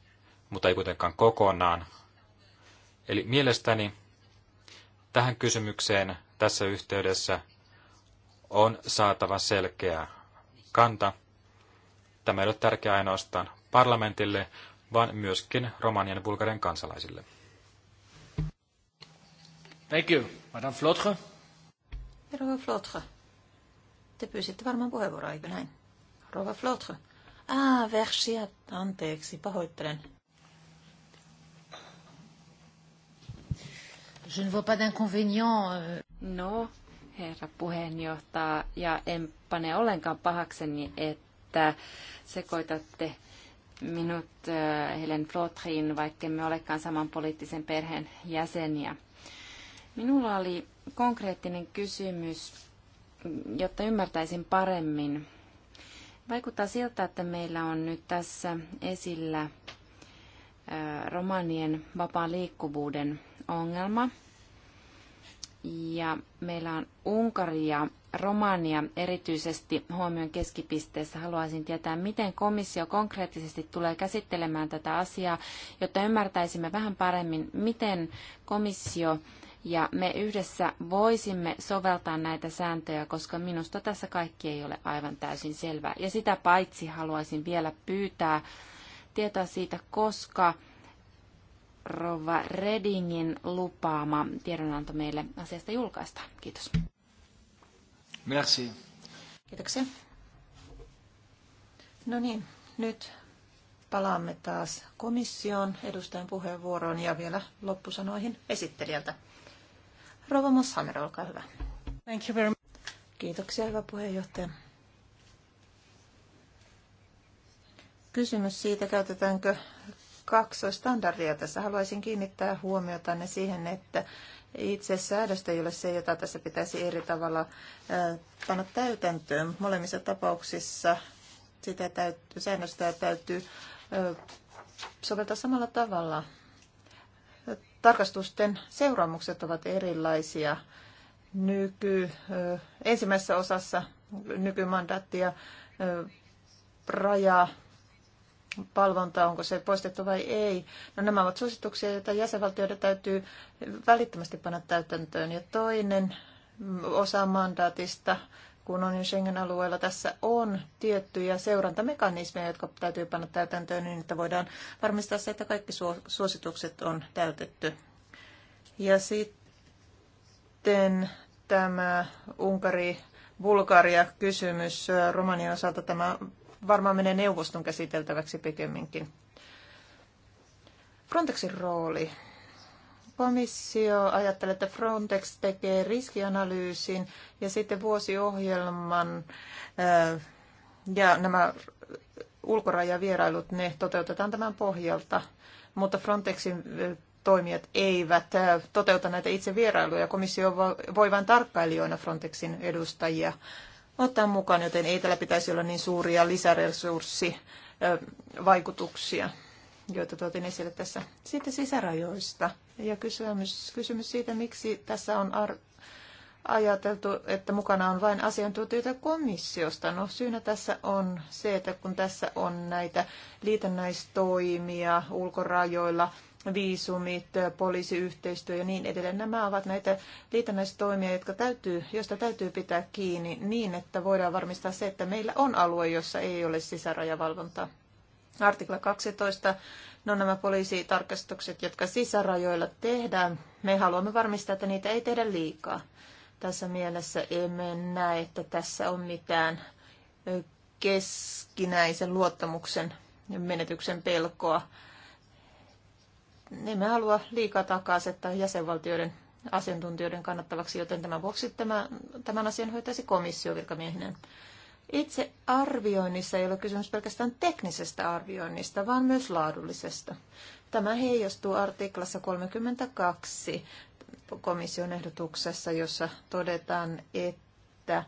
mutta ei kuitenkaan kokonaan. Eli mielestäni Tähän kysymykseen tässä yhteydessä on saatava selkeä kanta. Tämä ei ole tärkeä ainoastaan parlamentille, vaan myöskin Romanian ja Bulgarian kansalaisille. Thank you. Madame Flotre. Rova Flotre. Te pyysitte varmaan puheenvuoroa, eikö näin? Rova Flotre. Ah, Versia. Anteeksi, pahoittelen. Je ne vois pas d'inconvénient. Euh. No, herra puheenjohtaja, ja en pane ollenkaan pahakseni, että sekoitatte minut äh, Helen Flotriin, vaikka me olekaan saman poliittisen perheen jäseniä. Minulla oli konkreettinen kysymys, jotta ymmärtäisin paremmin. Vaikuttaa siltä, että meillä on nyt tässä esillä romanien vapaan liikkuvuuden ongelma. Ja meillä on Unkari ja Romania erityisesti huomion keskipisteessä. Haluaisin tietää, miten komissio konkreettisesti tulee käsittelemään tätä asiaa, jotta ymmärtäisimme vähän paremmin, miten komissio ja me yhdessä voisimme soveltaa näitä sääntöjä, koska minusta tässä kaikki ei ole aivan täysin selvää. Ja sitä paitsi haluaisin vielä pyytää, tietoa siitä, koska Rova Redingin lupaama tiedonanto meille asiasta julkaistaan. Kiitos. Merci. Kiitoksia. No niin, nyt palaamme taas komission edustajan puheenvuoroon ja vielä loppusanoihin esittelijältä. Rova Moshammer, olkaa hyvä. Thank you very much. Kiitoksia, hyvä puheenjohtaja. kysymys siitä, käytetäänkö kaksoistandardia tässä. Haluaisin kiinnittää huomiota ne siihen, että itse säädöstä ei ole se, jota tässä pitäisi eri tavalla panna täytäntöön. Molemmissa tapauksissa sitä täytyy, säännöstä täytyy soveltaa samalla tavalla. Tarkastusten seuraamukset ovat erilaisia. Nyky, ensimmäisessä osassa nykymandaattia raja palvonta, onko se poistettu vai ei. No nämä ovat suosituksia, joita jäsenvaltioiden täytyy välittömästi panna täytäntöön. Ja toinen osa mandaatista, kun on jo Schengen-alueella, tässä on tiettyjä seurantamekanismeja, jotka täytyy panna täytäntöön niin, että voidaan varmistaa se, että kaikki suositukset on täytetty. Ja sitten tämä Unkari Bulgaria kysymys Romanian osalta tämä varmaan menee neuvoston käsiteltäväksi pikemminkin. Frontexin rooli. Komissio ajattelee, että Frontex tekee riskianalyysin ja sitten vuosiohjelman äh, ja nämä ulkorajavierailut, ne toteutetaan tämän pohjalta, mutta Frontexin äh, toimijat eivät äh, toteuta näitä itse vierailuja. Komissio voi vain tarkkailijoina Frontexin edustajia ottaa mukaan, joten ei tällä pitäisi olla niin suuria lisäresurssivaikutuksia, joita tuotin esille tässä. Sitten sisärajoista ja kysymys, kysymys siitä, miksi tässä on ar- ajateltu, että mukana on vain asiantuntijoita komissiosta. No syynä tässä on se, että kun tässä on näitä liitännäistoimia ulkorajoilla, viisumit, poliisiyhteistyö ja niin edelleen. Nämä ovat näitä liitännäistoimia, jotka täytyy, joista täytyy pitää kiinni niin, että voidaan varmistaa se, että meillä on alue, jossa ei ole sisärajavalvontaa. Artikla 12. No nämä poliisitarkastukset, jotka sisärajoilla tehdään, me haluamme varmistaa, että niitä ei tehdä liikaa. Tässä mielessä emme näe, että tässä on mitään keskinäisen luottamuksen menetyksen pelkoa emme halua liikaa takaa asettaa jäsenvaltioiden asiantuntijoiden kannattavaksi, joten tämän vuoksi tämä, tämän asian hoitaisi komissio virkamiehinen. Itse arvioinnissa ei ole kysymys pelkästään teknisestä arvioinnista, vaan myös laadullisesta. Tämä heijastuu artiklassa 32 komission ehdotuksessa, jossa todetaan, että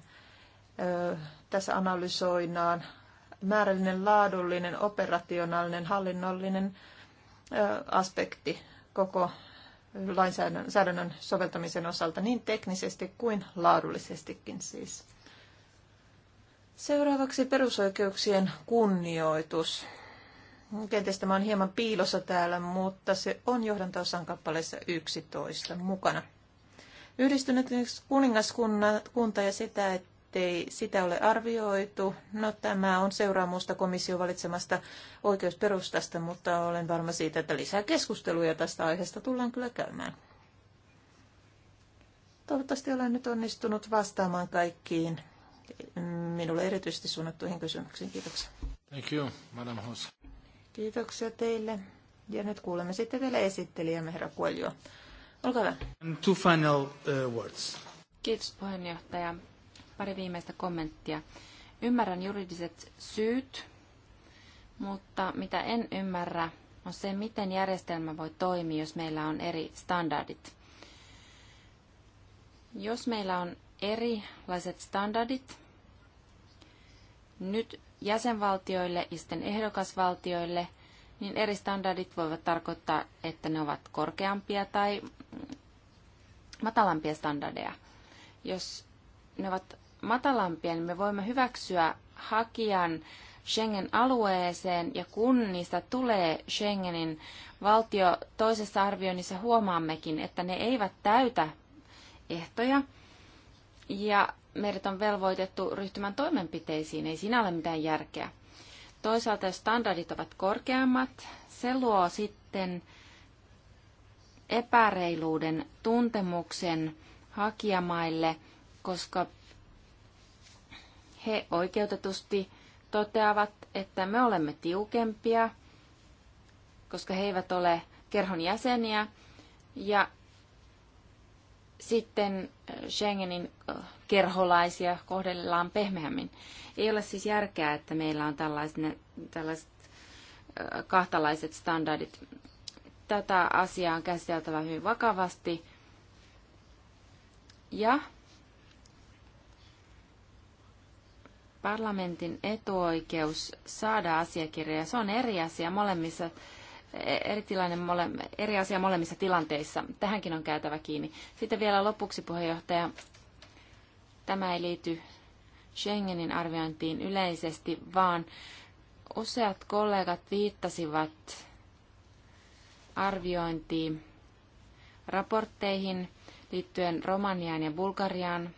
ö, tässä analysoidaan määrällinen, laadullinen, operationaalinen, hallinnollinen aspekti koko lainsäädännön soveltamisen osalta niin teknisesti kuin laadullisestikin siis. Seuraavaksi perusoikeuksien kunnioitus. Kenties tämä on hieman piilossa täällä, mutta se on johdantaosan kappaleessa 11 mukana. Yhdistynyt kuningaskunta ja sitä, että ettei sitä ole arvioitu. No tämä on seuraamusta komission valitsemasta oikeusperustasta, mutta olen varma siitä, että lisää keskusteluja tästä aiheesta tullaan kyllä käymään. Toivottavasti olen nyt onnistunut vastaamaan kaikkiin minulle erityisesti suunnattuihin kysymyksiin. Kiitoksia. Thank you, Madam Hoss. Kiitoksia teille. Ja nyt kuulemme sitten vielä esittelijämme, herra Kueljoa. Olkaa hyvä. Two final uh, words. Kiitos puheenjohtaja. Pari viimeistä kommenttia. Ymmärrän juridiset syyt, mutta mitä en ymmärrä, on se, miten järjestelmä voi toimia, jos meillä on eri standardit. Jos meillä on erilaiset standardit nyt jäsenvaltioille ja sitten ehdokasvaltioille, niin eri standardit voivat tarkoittaa, että ne ovat korkeampia tai matalampia standardeja. Jos ne ovat matalampia, niin me voimme hyväksyä hakijan Schengen-alueeseen, ja kun niistä tulee Schengenin valtio, toisessa arvioinnissa huomaammekin, että ne eivät täytä ehtoja, ja meidät on velvoitettu ryhtymään toimenpiteisiin, ei siinä ole mitään järkeä. Toisaalta jos standardit ovat korkeammat, se luo sitten epäreiluuden tuntemuksen hakijamaille, koska he oikeutetusti toteavat, että me olemme tiukempia, koska he eivät ole kerhon jäseniä. Ja sitten äh, Schengenin äh, kerholaisia kohdellaan pehmeämmin. Ei ole siis järkeä, että meillä on tällaiset, äh, kahtalaiset standardit. Tätä asiaa on käsiteltävä hyvin vakavasti. Ja parlamentin etuoikeus saada asiakirjoja, se on eri asia molemmissa e- eri, tilanne mole, eri asia molemmissa tilanteissa. Tähänkin on käytävä kiinni. Sitten vielä lopuksi, puheenjohtaja, tämä ei liity Schengenin arviointiin yleisesti, vaan useat kollegat viittasivat arviointiin raportteihin liittyen Romaniaan ja Bulgariaan.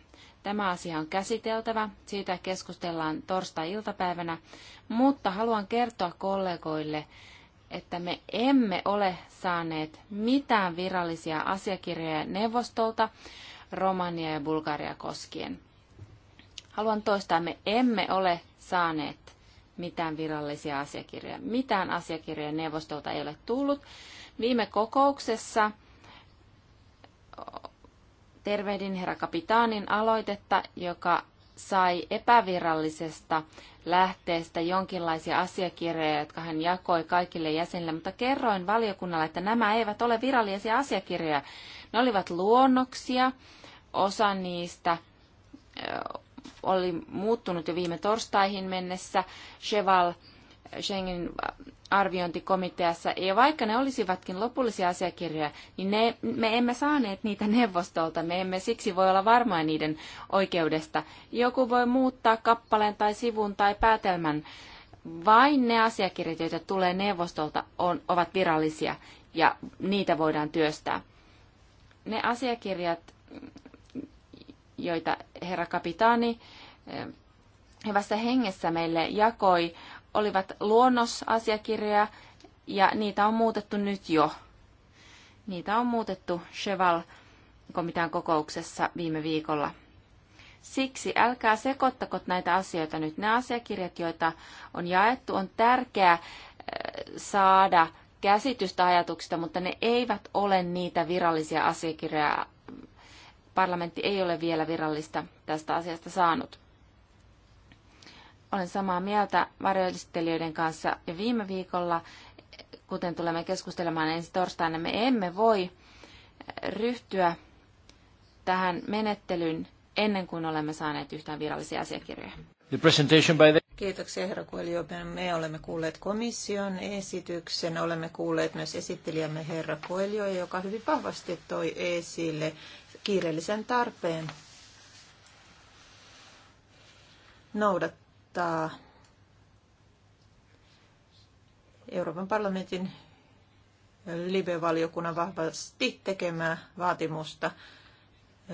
Tämä asia on käsiteltävä, siitä keskustellaan torstai-iltapäivänä, mutta haluan kertoa kollegoille, että me emme ole saaneet mitään virallisia asiakirjoja neuvostolta Romania ja Bulgaria koskien. Haluan toistaa, me emme ole saaneet mitään virallisia asiakirjoja. Mitään asiakirjoja neuvostolta ei ole tullut. Viime kokouksessa Tervehdin herra kapitaanin aloitetta, joka sai epävirallisesta lähteestä jonkinlaisia asiakirjoja, jotka hän jakoi kaikille jäsenille, mutta kerroin valiokunnalle, että nämä eivät ole virallisia asiakirjoja. Ne olivat luonnoksia, osa niistä oli muuttunut jo viime torstaihin mennessä. Cheval Schengen arviointikomiteassa, ja vaikka ne olisivatkin lopullisia asiakirjoja, niin ne, me emme saaneet niitä neuvostolta, me emme siksi voi olla varmoja niiden oikeudesta. Joku voi muuttaa kappaleen tai sivun tai päätelmän. Vain ne asiakirjat, joita tulee neuvostolta, on, ovat virallisia, ja niitä voidaan työstää. Ne asiakirjat, joita herra kapitaani eh, hyvässä hengessä meille jakoi, olivat luonnosasiakirjoja ja niitä on muutettu nyt jo. Niitä on muutettu Cheval komitean kokouksessa viime viikolla. Siksi älkää sekoittako näitä asioita nyt. Nämä asiakirjat, joita on jaettu, on tärkeää eh, saada käsitystä ajatuksista, mutta ne eivät ole niitä virallisia asiakirjoja. Parlamentti ei ole vielä virallista tästä asiasta saanut. Olen samaa mieltä varjoesittelijöiden kanssa jo viime viikolla, kuten tulemme keskustelemaan ensi torstaina, me emme voi ryhtyä tähän menettelyyn ennen kuin olemme saaneet yhtään virallisia asiakirjoja. The presentation by the... Kiitoksia herra Kuelio. Me olemme kuulleet komission esityksen. Olemme kuulleet myös esittelijämme herra Kuelio, joka hyvin vahvasti toi esille kiireellisen tarpeen noudattaa viittaa Euroopan parlamentin Libe-valiokunnan vahvasti tekemää vaatimusta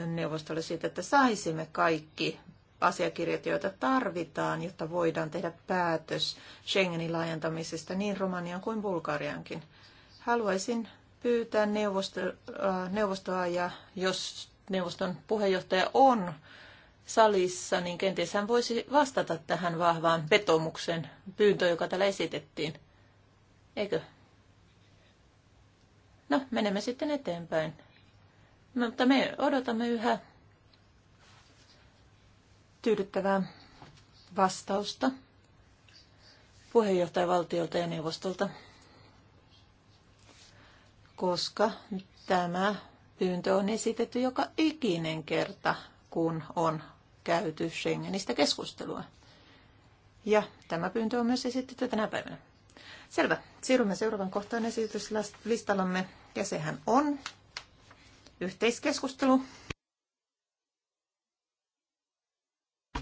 neuvostolle siitä, että saisimme kaikki asiakirjat, joita tarvitaan, jotta voidaan tehdä päätös Schengenin laajentamisesta niin Romanian kuin Bulgariankin. Haluaisin pyytää äh, neuvostoa ja jos neuvoston puheenjohtaja on salissa, niin kenties hän voisi vastata tähän vahvaan vetomuksen pyyntöön, joka täällä esitettiin. Eikö? No, menemme sitten eteenpäin. No, mutta me odotamme yhä tyydyttävää vastausta puheenjohtajavaltiolta ja neuvostolta, koska tämä pyyntö on esitetty joka ikinen kerta, kun on käyty Schengenistä keskustelua. Ja tämä pyyntö on myös esitetty tänä päivänä. Selvä. Siirrymme seuraavan kohtaan esityslistallamme. Ja sehän on yhteiskeskustelu.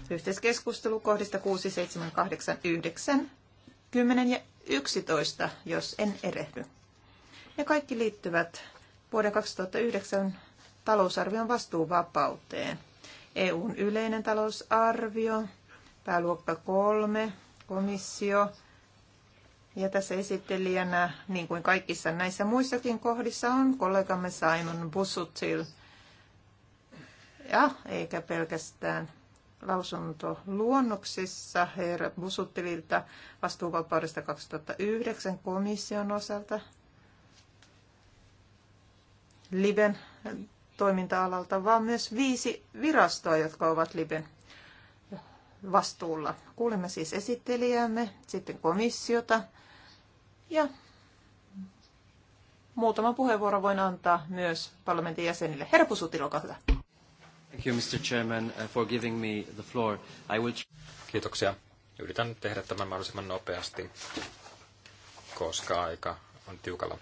Yhteiskeskustelu kohdista 6, 7, 8, 9, 10 ja 11, jos en erehdy. Ne kaikki liittyvät vuoden 2009 talousarvion vastuuvapauteen – EUn yleinen talousarvio, pääluokka 3, komissio. Ja tässä esittelijänä, niin kuin kaikissa näissä muissakin kohdissa, on kollegamme Simon Busutil. Ja eikä pelkästään luonnoksissa herra Busuttililta vastuuvapaudesta 2009 komission osalta. Liben toiminta-alalta, vaan myös viisi virastoa, jotka ovat Liben vastuulla. Kuulemme siis esittelijäämme, sitten komissiota ja muutama puheenvuoro voin antaa myös parlamentin jäsenille. Herra Pusutil, olkaa hyvä. Thank you, Mr. Chairman, uh, for giving me the floor. I will... Kiitoksia. Yritän tehdä tämän mahdollisimman nopeasti, koska aika on tiukalla.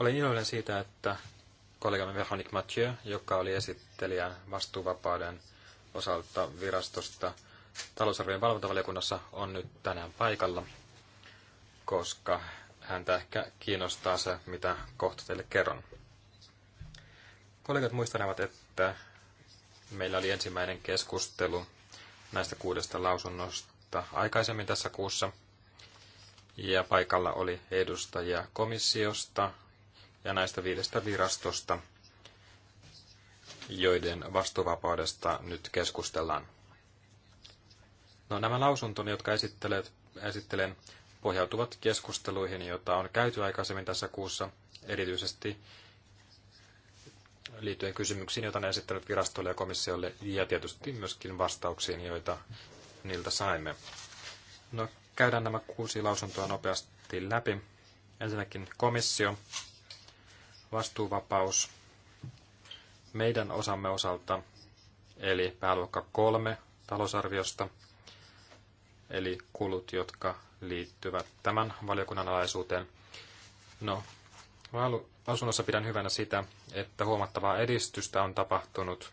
Olen iloinen siitä, että kollegamme Veronique Mathieu, joka oli esittelijä vastuuvapauden osalta virastosta talousarvion valvontavaliokunnassa, on nyt tänään paikalla, koska häntä ehkä kiinnostaa se, mitä kohta teille kerron. Kollegat muistanevat, että meillä oli ensimmäinen keskustelu näistä kuudesta lausunnosta aikaisemmin tässä kuussa. Ja paikalla oli edustajia komissiosta, ja näistä viidestä virastosta, joiden vastuuvapaudesta nyt keskustellaan. No, nämä lausuntoni, jotka esittelen, pohjautuvat keskusteluihin, joita on käyty aikaisemmin tässä kuussa, erityisesti liittyen kysymyksiin, joita ne esittänyt virastolle ja komissiolle, ja tietysti myöskin vastauksiin, joita niiltä saimme. No, käydään nämä kuusi lausuntoa nopeasti läpi. Ensinnäkin komissio vastuuvapaus meidän osamme osalta, eli pääluokka kolme talousarviosta, eli kulut, jotka liittyvät tämän valiokunnan alaisuuteen. No, asunnossa pidän hyvänä sitä, että huomattavaa edistystä on tapahtunut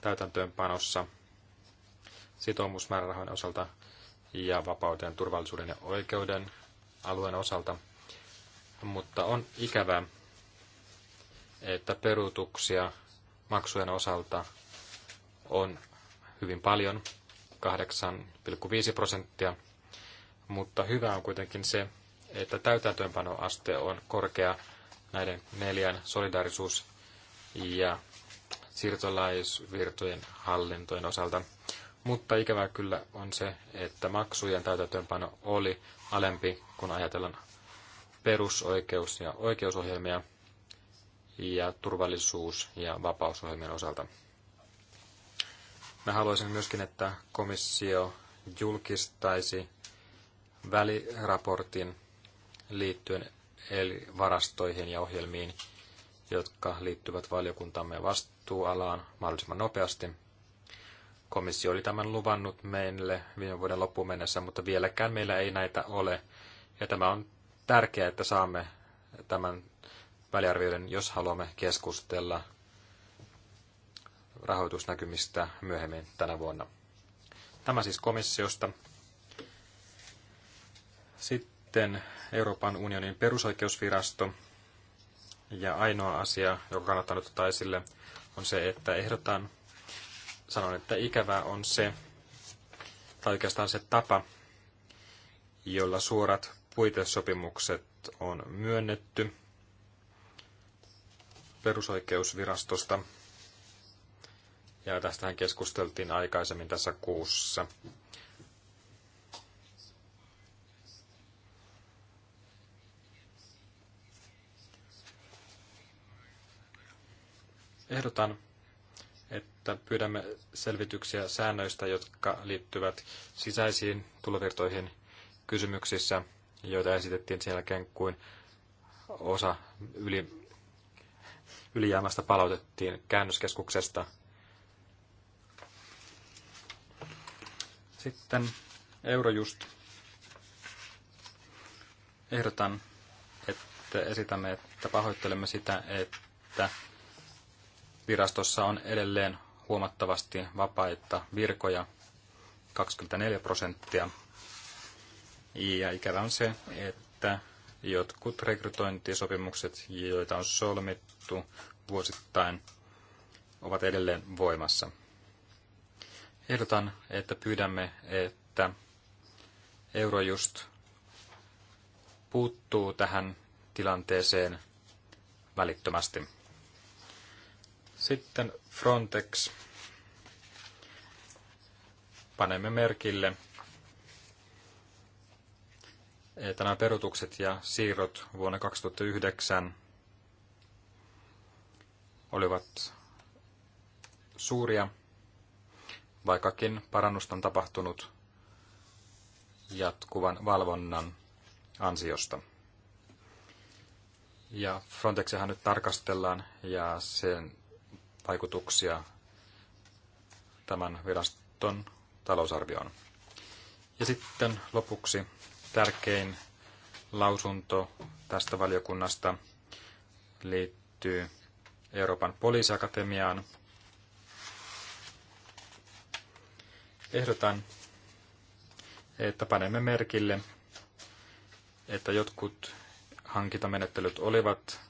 täytäntöönpanossa sitoumusmäärärahojen osalta ja vapauteen, turvallisuuden ja oikeuden alueen osalta, mutta on ikävää, että peruutuksia maksujen osalta on hyvin paljon, 8,5 prosenttia, mutta hyvä on kuitenkin se, että täytäntöönpanoaste on korkea näiden neljän solidaarisuus- ja siirtolaisvirtojen hallintojen osalta. Mutta ikävää kyllä on se, että maksujen täytäntöönpano oli alempi, kun ajatellaan perusoikeus- ja oikeusohjelmia – ja turvallisuus- ja vapausohjelmien osalta. Mä haluaisin myöskin, että komissio julkistaisi väliraportin liittyen eli varastoihin ja ohjelmiin, jotka liittyvät valiokuntamme vastuualaan mahdollisimman nopeasti. Komissio oli tämän luvannut meille viime vuoden loppuun mennessä, mutta vieläkään meillä ei näitä ole. Ja tämä on tärkeää, että saamme tämän väliarvioiden, jos haluamme keskustella rahoitusnäkymistä myöhemmin tänä vuonna. Tämä siis komissiosta. Sitten Euroopan unionin perusoikeusvirasto. Ja ainoa asia, joka kannattaa nyt ottaa esille, on se, että ehdotan, sanon, että ikävää on se, tai oikeastaan se tapa, jolla suorat puitesopimukset on myönnetty perusoikeusvirastosta. Ja tästähän keskusteltiin aikaisemmin tässä kuussa. Ehdotan, että pyydämme selvityksiä säännöistä, jotka liittyvät sisäisiin tulovirtoihin kysymyksissä, joita esitettiin sen jälkeen, kuin osa yli ylijäämästä palautettiin käännöskeskuksesta. Sitten Eurojust. Ehdotan, että esitämme, että pahoittelemme sitä, että virastossa on edelleen huomattavasti vapaita virkoja, 24 prosenttia. Ja ikävä on se, että jotkut rekrytointisopimukset, joita on solmittu vuosittain, ovat edelleen voimassa. Ehdotan, että pyydämme, että Eurojust puuttuu tähän tilanteeseen välittömästi. Sitten Frontex. Panemme merkille että nämä perutukset ja siirrot vuonna 2009 olivat suuria, vaikkakin parannusta on tapahtunut jatkuvan valvonnan ansiosta. Ja Frontexahan nyt tarkastellaan ja sen vaikutuksia tämän viraston talousarvioon. Ja sitten lopuksi tärkein lausunto tästä valiokunnasta liittyy Euroopan poliisiakatemiaan. Ehdotan, että panemme merkille, että jotkut hankintamenettelyt olivat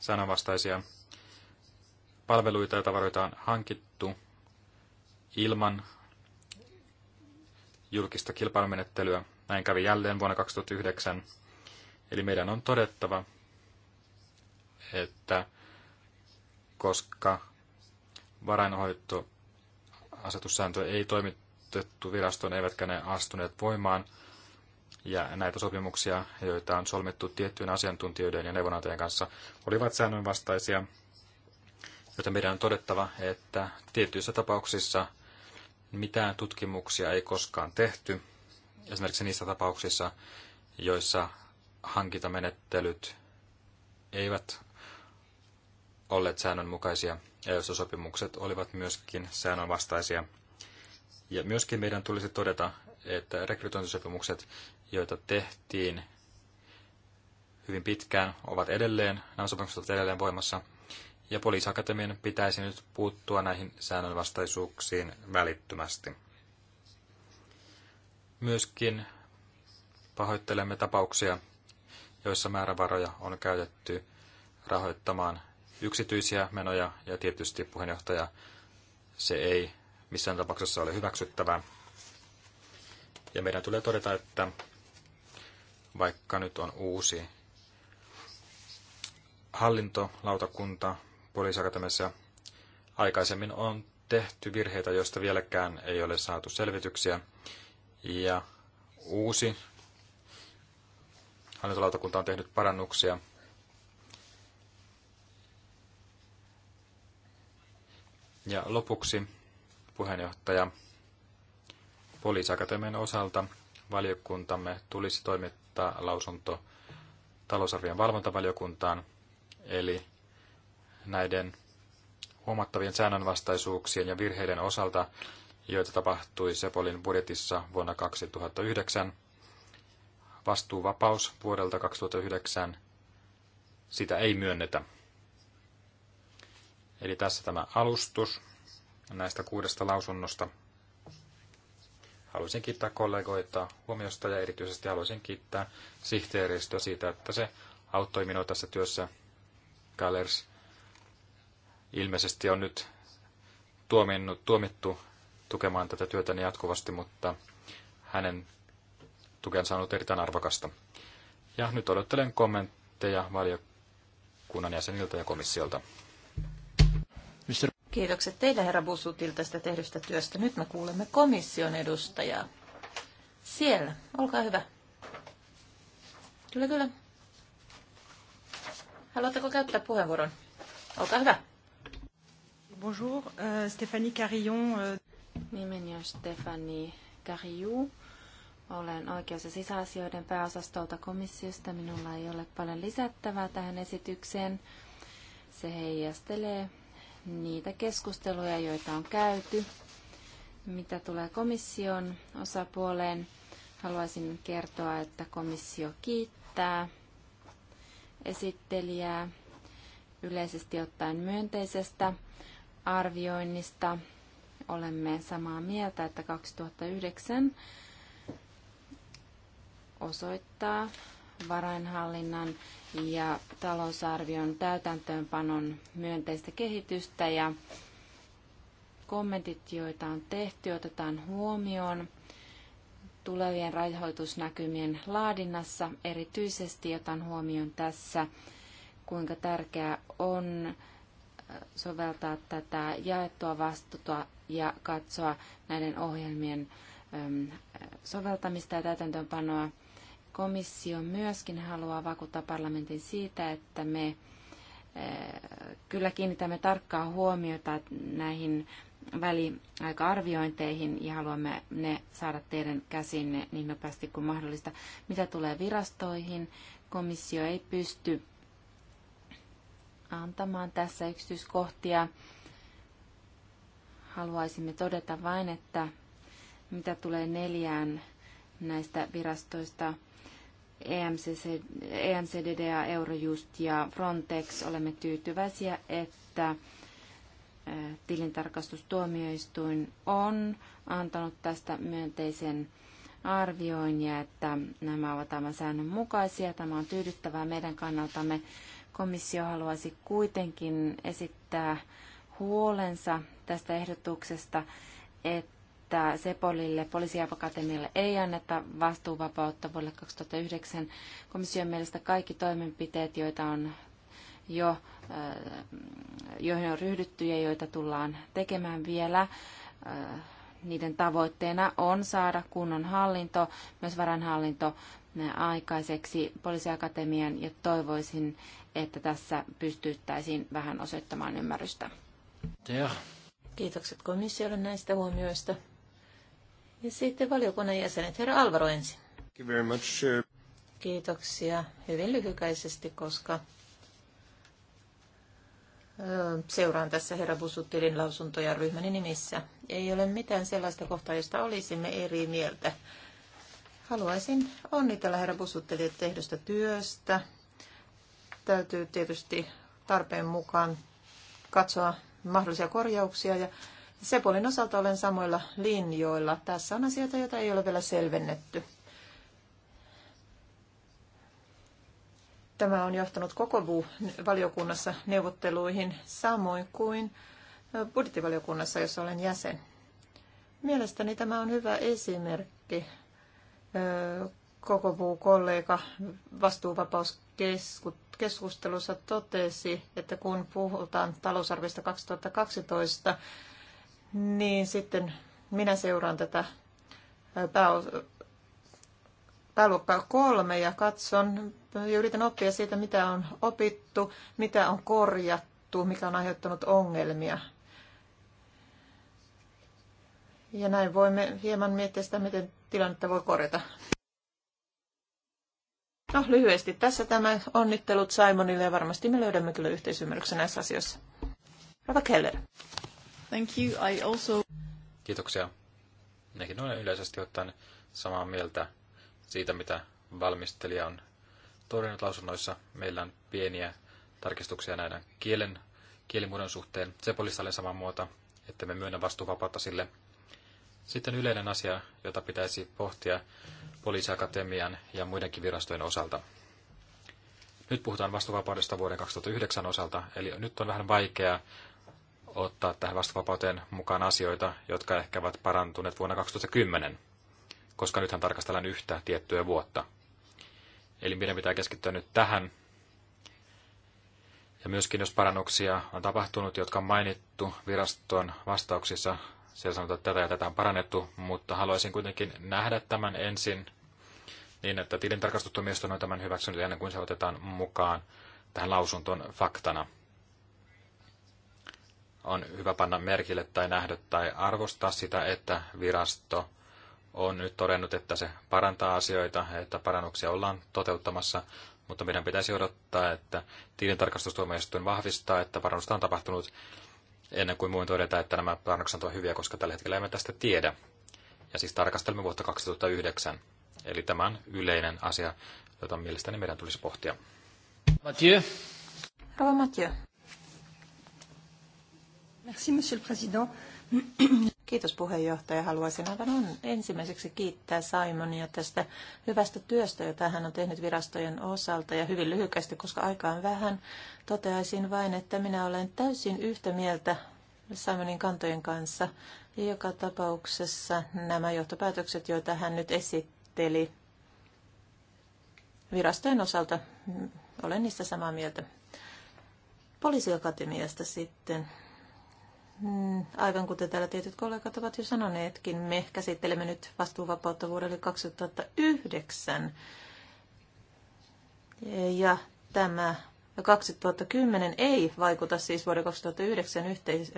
sananvastaisia palveluita ja tavaroita on hankittu ilman julkista kilpailumenettelyä – näin kävi jälleen vuonna 2009. Eli meidän on todettava, että koska varainhoitoasetussääntö ei toimitettu virastoon, eivätkä ne astuneet voimaan, ja näitä sopimuksia, joita on solmittu tiettyjen asiantuntijoiden ja neuvonantajien kanssa, olivat säännönvastaisia, joten meidän on todettava, että tietyissä tapauksissa mitään tutkimuksia ei koskaan tehty, esimerkiksi niissä tapauksissa, joissa hankintamenettelyt eivät olleet säännönmukaisia ja joissa sopimukset olivat myöskin säännönvastaisia. Ja myöskin meidän tulisi todeta, että rekrytointisopimukset, joita tehtiin hyvin pitkään, ovat edelleen, nämä sopimukset ovat edelleen voimassa. Ja poliisakatemian pitäisi nyt puuttua näihin säännönvastaisuuksiin välittömästi. Myöskin pahoittelemme tapauksia, joissa määrävaroja on käytetty rahoittamaan yksityisiä menoja ja tietysti puheenjohtaja se ei missään tapauksessa ole hyväksyttävää. Ja meidän tulee todeta, että vaikka nyt on uusi hallintolautakunta poliisiakatemiassa, aikaisemmin on tehty virheitä, joista vieläkään ei ole saatu selvityksiä. Ja uusi hallintolautakunta on tehnyt parannuksia. Ja lopuksi puheenjohtaja poliisakatemian osalta valiokuntamme tulisi toimittaa lausunto talousarvion valvontavaliokuntaan, eli näiden huomattavien säännönvastaisuuksien ja virheiden osalta joita tapahtui Sepolin budjetissa vuonna 2009. Vastuuvapaus vuodelta 2009, sitä ei myönnetä. Eli tässä tämä alustus näistä kuudesta lausunnosta. Haluaisin kiittää kollegoita huomiosta ja erityisesti haluaisin kiittää sihteeristöä siitä, että se auttoi minua tässä työssä. Galers ilmeisesti on nyt tuominnut, tuomittu tukemaan tätä työtäni jatkuvasti, mutta hänen tukensa on ollut erittäin arvokasta. Ja nyt odottelen kommentteja valiokunnan jäseniltä ja komissiolta. Kiitokset teille, herra Busutil, tästä tehdystä työstä. Nyt me kuulemme komission edustajaa. Siellä, olkaa hyvä. Kyllä, kyllä. Haluatteko käyttää puheenvuoron? Olkaa hyvä. Bonjour, euh, Stéphanie Carillon. Euh, Nimeni on Stefani Gariu. Olen oikeus- ja sisäasioiden pääosastolta komissiosta. Minulla ei ole paljon lisättävää tähän esitykseen. Se heijastelee niitä keskusteluja, joita on käyty. Mitä tulee komission osapuoleen, haluaisin kertoa, että komissio kiittää esittelijää yleisesti ottaen myönteisestä arvioinnista olemme samaa mieltä, että 2009 osoittaa varainhallinnan ja talousarvion täytäntöönpanon myönteistä kehitystä ja kommentit, joita on tehty, otetaan huomioon tulevien rahoitusnäkymien laadinnassa. Erityisesti otan huomioon tässä, kuinka tärkeää on soveltaa tätä jaettua vastuuta ja katsoa näiden ohjelmien ähm, soveltamista ja täytäntöönpanoa. Komissio myöskin haluaa vakuuttaa parlamentin siitä, että me äh, kyllä kiinnitämme tarkkaa huomiota näihin väliaika-arviointeihin ja haluamme ne saada teidän käsinne niin nopeasti kuin mahdollista. Mitä tulee virastoihin, komissio ei pysty antamaan tässä yksityiskohtia Haluaisimme todeta vain, että mitä tulee neljään näistä virastoista, EMCDD e ja Eurojust ja Frontex, olemme tyytyväisiä, että tilintarkastustuomioistuin on antanut tästä myönteisen arvioin ja että nämä ovat aivan säännönmukaisia. Tämä on tyydyttävää meidän kannaltamme. Komissio haluaisi kuitenkin esittää huolensa tästä ehdotuksesta, että Sepolille, poliisiakatemialle ei anneta vastuuvapautta vuodelle 2009. Komission mielestä kaikki toimenpiteet, joita on jo, äh, joihin on ryhdytty ja joita tullaan tekemään vielä, äh, niiden tavoitteena on saada kunnon hallinto, myös varanhallinto äh, aikaiseksi poliisiakatemian ja toivoisin, että tässä pystyttäisiin vähän osoittamaan ymmärrystä. ja Kiitokset komissiolle näistä huomioista. Ja sitten valiokunnan jäsenet. Herra Alvaro ensin. Thank you very much. Kiitoksia hyvin lyhykäisesti, koska seuraan tässä herra Busuttilin lausuntoja ryhmäni nimissä. Ei ole mitään sellaista kohtaa, josta olisimme eri mieltä. Haluaisin onnitella herra Busuttilin tehdystä työstä. Täytyy tietysti tarpeen mukaan katsoa, mahdollisia korjauksia ja Sepolin osalta olen samoilla linjoilla. Tässä on asioita, joita ei ole vielä selvennetty. Tämä on johtanut koko valiokunnassa neuvotteluihin samoin kuin budjettivaliokunnassa, jossa olen jäsen. Mielestäni tämä on hyvä esimerkki koko kollega vastuuvapauskeskustelusta keskustelussa totesi, että kun puhutaan talousarviosta 2012, niin sitten minä seuraan tätä pääluokkaa kolme ja katson ja yritän oppia siitä, mitä on opittu, mitä on korjattu, mikä on aiheuttanut ongelmia. Ja näin voimme hieman miettiä sitä, miten tilannetta voi korjata. No lyhyesti tässä tämä. Onnittelut Simonille ja varmasti me löydämme kyllä yhteisymmärryksen näissä asioissa. Rava Keller. Thank you. I also... Kiitoksia. Nekin olen yleisesti ottaen samaa mieltä siitä, mitä valmistelija on todennut lausunnoissa. Meillä on pieniä tarkistuksia näiden kielen, kielimuodon suhteen. Sepolissa olen samaa muuta, että me myönnä vastuuvapautta sille. Sitten yleinen asia, jota pitäisi pohtia, poliisiakatemian ja muidenkin virastojen osalta. Nyt puhutaan vastuvapaudesta vuoden 2009 osalta, eli nyt on vähän vaikeaa ottaa tähän vastuvapauteen mukaan asioita, jotka ehkä ovat parantuneet vuonna 2010, koska nythän tarkastellaan yhtä tiettyä vuotta. Eli meidän pitää keskittyä nyt tähän. Ja myöskin jos parannuksia on tapahtunut, jotka on mainittu viraston vastauksissa, siellä sanotaan, että tätä ja tätä on parannettu, mutta haluaisin kuitenkin nähdä tämän ensin niin, että tilintarkastustoimisto on tämän hyväksynyt ennen kuin se otetaan mukaan tähän lausuntoon faktana. On hyvä panna merkille tai nähdä tai arvostaa sitä, että virasto on nyt todennut, että se parantaa asioita, että parannuksia ollaan toteuttamassa, mutta meidän pitäisi odottaa, että tilintarkastustuomioistuin vahvistaa, että parannusta on tapahtunut ennen kuin muun todetaan, että nämä parannukset ovat hyviä, koska tällä hetkellä emme tästä tiedä. Ja siis tarkastelemme vuotta 2009. Eli tämä on yleinen asia, jota mielestäni meidän tulisi pohtia. Mathieu. Hello, Mathieu. Merci, monsieur le président. Kiitos puheenjohtaja. Haluaisin aivan ensimmäiseksi kiittää Simonia tästä hyvästä työstä, jota hän on tehnyt virastojen osalta ja hyvin lyhykästi, koska aika on vähän. Toteaisin vain, että minä olen täysin yhtä mieltä Simonin kantojen kanssa. Joka tapauksessa nämä johtopäätökset, joita hän nyt esittää, eli virastojen osalta. Olen niistä samaa mieltä. Poliisiakatemiasta sitten. Mm, aivan kuten täällä tietyt kollegat ovat jo sanoneetkin, me käsittelemme nyt vastuuvapautta vuodelle 2009. Ja tämä 2010 ei vaikuta siis vuoden 2009 yhteis-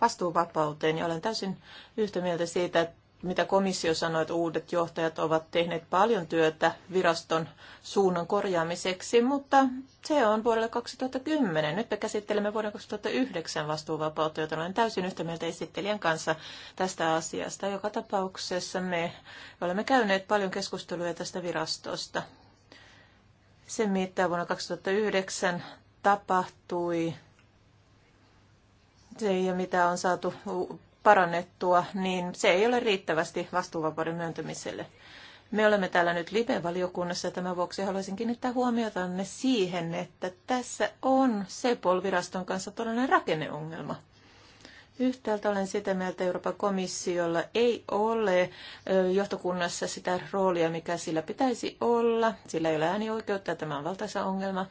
vastuuvapauteen. Ja olen täysin yhtä mieltä siitä, että mitä komissio sanoi, että uudet johtajat ovat tehneet paljon työtä viraston suunnan korjaamiseksi, mutta se on vuodelle 2010. Nyt me käsittelemme vuoden 2009 vastuuvapautta, joten olen täysin yhtä mieltä esittelijän kanssa tästä asiasta. Joka tapauksessa me olemme käyneet paljon keskusteluja tästä virastosta. Se, mitä vuonna 2009 tapahtui, se, ja mitä on saatu parannettua, niin se ei ole riittävästi vastuuvapauden myöntämiselle. Me olemme täällä nyt LIBE-valiokunnassa ja tämän vuoksi haluaisin kiinnittää huomiota siihen, että tässä on se viraston kanssa todellinen rakenneongelma. Yhtäältä olen sitä mieltä, Euroopan komissiolla ei ole johtokunnassa sitä roolia, mikä sillä pitäisi olla. Sillä ei ole äänioikeutta ja tämä on valtaisa ongelma.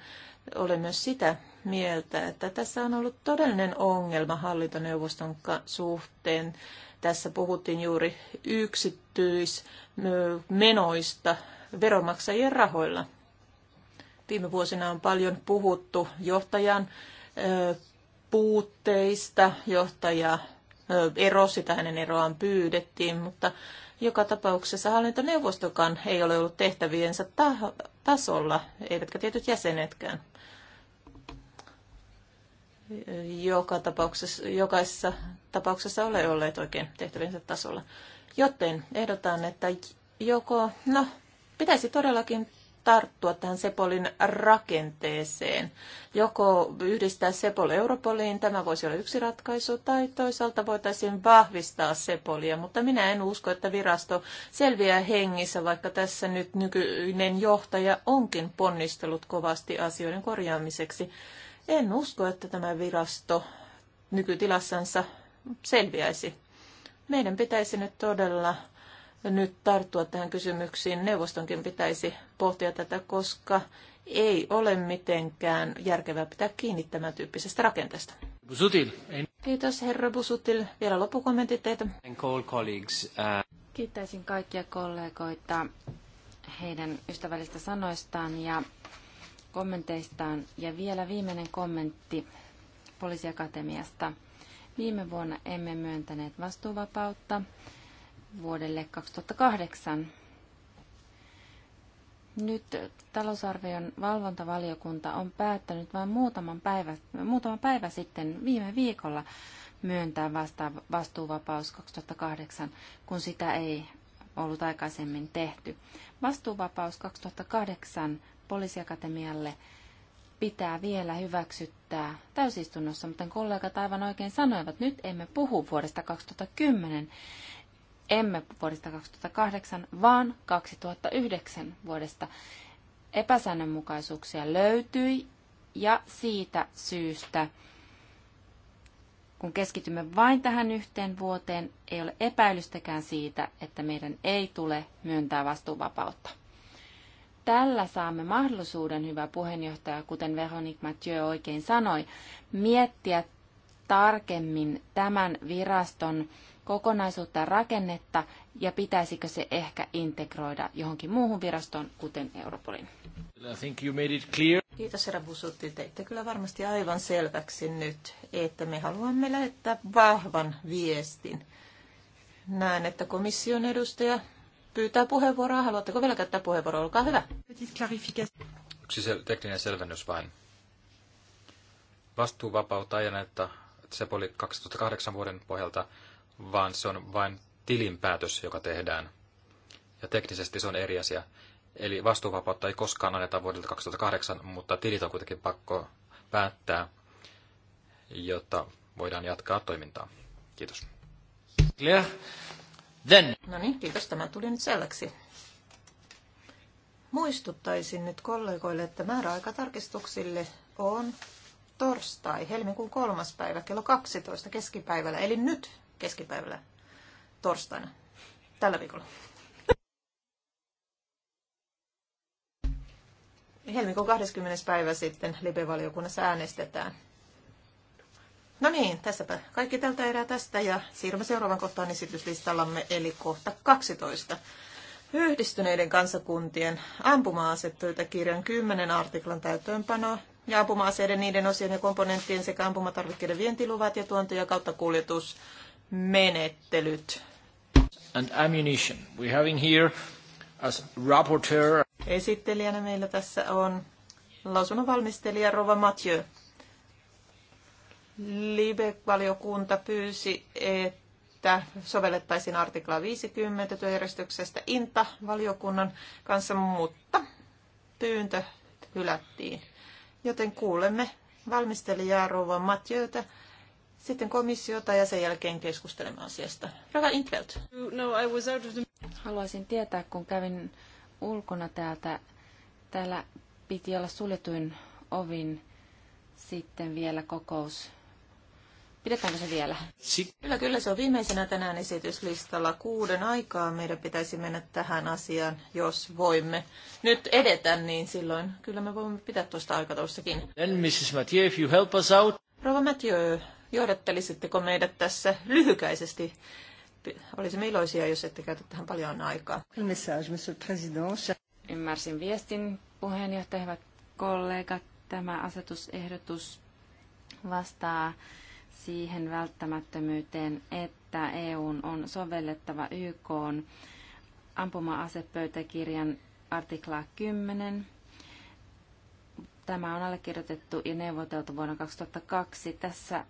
Olen myös sitä mieltä, että tässä on ollut todellinen ongelma hallintoneuvoston suhteen. Tässä puhuttiin juuri yksityismenoista veronmaksajien rahoilla. Viime vuosina on paljon puhuttu johtajan puutteista, johtaja ero, sitä hänen eroaan pyydettiin, mutta joka tapauksessa hallintoneuvostokaan ei ole ollut tehtäviensä tasolla, eivätkä tietyt jäsenetkään joka tapauksessa, jokaisessa tapauksessa ole olleet oikein tehtävänsä tasolla. Joten ehdotan, että joko, no, pitäisi todellakin tarttua tähän Sepolin rakenteeseen. Joko yhdistää Sepol Europoliin, tämä voisi olla yksi ratkaisu, tai toisaalta voitaisiin vahvistaa Sepolia, mutta minä en usko, että virasto selviää hengissä, vaikka tässä nyt nykyinen johtaja onkin ponnistellut kovasti asioiden korjaamiseksi. En usko, että tämä virasto nykytilassansa selviäisi. Meidän pitäisi nyt todella nyt tarttua tähän kysymyksiin. Neuvostonkin pitäisi pohtia tätä, koska ei ole mitenkään järkevää pitää kiinni tämän tyyppisestä rakenteesta. Busutil. Kiitos herra Busutil. Vielä loppukommentit teitä. Äh. Kiittäisin kaikkia kollegoita heidän ystävällistä sanoistaan ja kommenteistaan. Ja vielä viimeinen kommentti poliisiakatemiasta. Viime vuonna emme myöntäneet vastuuvapautta vuodelle 2008. Nyt talousarvion valvontavaliokunta on päättänyt vain muutaman päivä, muutama päivä sitten viime viikolla myöntää vasta vastuuvapaus 2008, kun sitä ei ollut aikaisemmin tehty. Vastuuvapaus 2008 poliisiakatemialle pitää vielä hyväksyttää täysistunnossa, mutta kollegat aivan oikein sanoivat, nyt emme puhu vuodesta 2010, emme vuodesta 2008, vaan 2009 vuodesta. Epäsäännönmukaisuuksia löytyi ja siitä syystä, kun keskitymme vain tähän yhteen vuoteen, ei ole epäilystäkään siitä, että meidän ei tule myöntää vastuuvapautta tällä saamme mahdollisuuden, hyvä puheenjohtaja, kuten Veronique Mathieu oikein sanoi, miettiä tarkemmin tämän viraston kokonaisuutta ja rakennetta ja pitäisikö se ehkä integroida johonkin muuhun virastoon, kuten Europolin. Kiitos herra Busutti. Teitte kyllä varmasti aivan selväksi nyt, että me haluamme lähettää vahvan viestin. Näen, että komission edustaja pyytää puheenvuoroa. Haluatteko vielä käyttää puheenvuoroa? Olkaa hyvä. Yksi sel- tekninen selvennys vain. Vastuuvapautta ei se oli 2008 vuoden pohjalta, vaan se on vain tilinpäätös, joka tehdään. Ja teknisesti se on eri asia. Eli vastuuvapautta ei koskaan anneta vuodelta 2008, mutta tilit on kuitenkin pakko päättää, jotta voidaan jatkaa toimintaa. Kiitos. Clear. Then. No niin, kiitos. Tämä tuli nyt selväksi. Muistuttaisin nyt kollegoille, että määräaika tarkistuksille on torstai, helmikuun kolmas päivä, kello 12 keskipäivällä, eli nyt keskipäivällä torstaina, tällä viikolla. Helmikuun 20. päivä sitten libevaliokunnassa äänestetään. No niin, tässäpä kaikki tältä erää tästä ja siirrymme seuraavan kohtaan esityslistallamme, eli kohta 12. Yhdistyneiden kansakuntien ampuma-asepöytäkirjan 10 artiklan täytöönpanoa ja ampuma-aseiden niiden osien ja komponenttien sekä ampumatarvikkeiden vientiluvat ja tuonti- ja kautta kuljetusmenettelyt. And ammunition. We're having here as rapporteur. Esittelijänä meillä tässä on lausunnonvalmistelija Rova Mathieu. Libe-valiokunta pyysi, että sovellettaisiin artikla 50 työjärjestyksestä INTA-valiokunnan kanssa, mutta pyyntö hylättiin. Joten kuulemme valmistelijaa Rouva Matjöötä, sitten komissiota ja sen jälkeen keskustelemme asiasta. Rova Intveld. No, Haluaisin tietää, kun kävin ulkona täältä, täällä piti olla suljetuin ovin sitten vielä kokous Pidetäänkö se vielä? Si- kyllä, kyllä se on viimeisenä tänään esityslistalla. Kuuden aikaa meidän pitäisi mennä tähän asiaan, jos voimme nyt edetä, niin silloin kyllä me voimme pitää tuosta aikataulussakin. Then Mrs. Mathieu, if you help us out. Rova Mathieu, johdattelisitteko meidät tässä lyhykäisesti? Olisimme iloisia, jos ette käytä tähän paljon aikaa. Ymmärsin viestin puheenjohtaja, hyvät kollegat. Tämä asetusehdotus vastaa siihen välttämättömyyteen, että EUn on sovellettava YK ampuma-asepöytäkirjan artiklaa 10. Tämä on allekirjoitettu ja neuvoteltu vuonna 2002. Tässä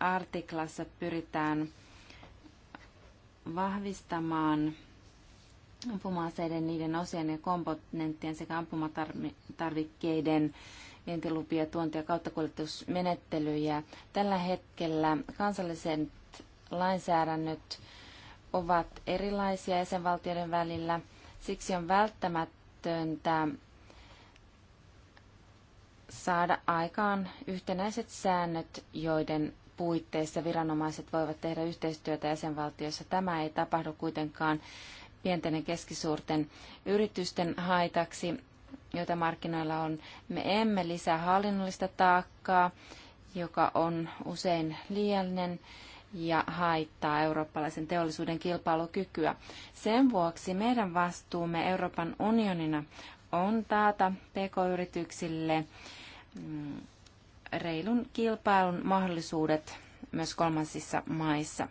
artiklassa pyritään vahvistamaan ampuma-aseiden, niiden osien ja komponenttien sekä ampumatarvikkeiden vientilupia, tuontia ja kauttakuljetusmenettelyjä. Tällä hetkellä kansalliset lainsäädännöt ovat erilaisia jäsenvaltioiden välillä. Siksi on välttämätöntä saada aikaan yhtenäiset säännöt, joiden puitteissa viranomaiset voivat tehdä yhteistyötä jäsenvaltioissa. Tämä ei tapahdu kuitenkaan pienten ja keskisuurten yritysten haitaksi, joita markkinoilla on. Me emme lisää hallinnollista taakkaa, joka on usein liiallinen ja haittaa eurooppalaisen teollisuuden kilpailukykyä. Sen vuoksi meidän vastuumme Euroopan unionina on taata pk-yrityksille mm, reilun kilpailun mahdollisuudet myös kolmansissa maissa.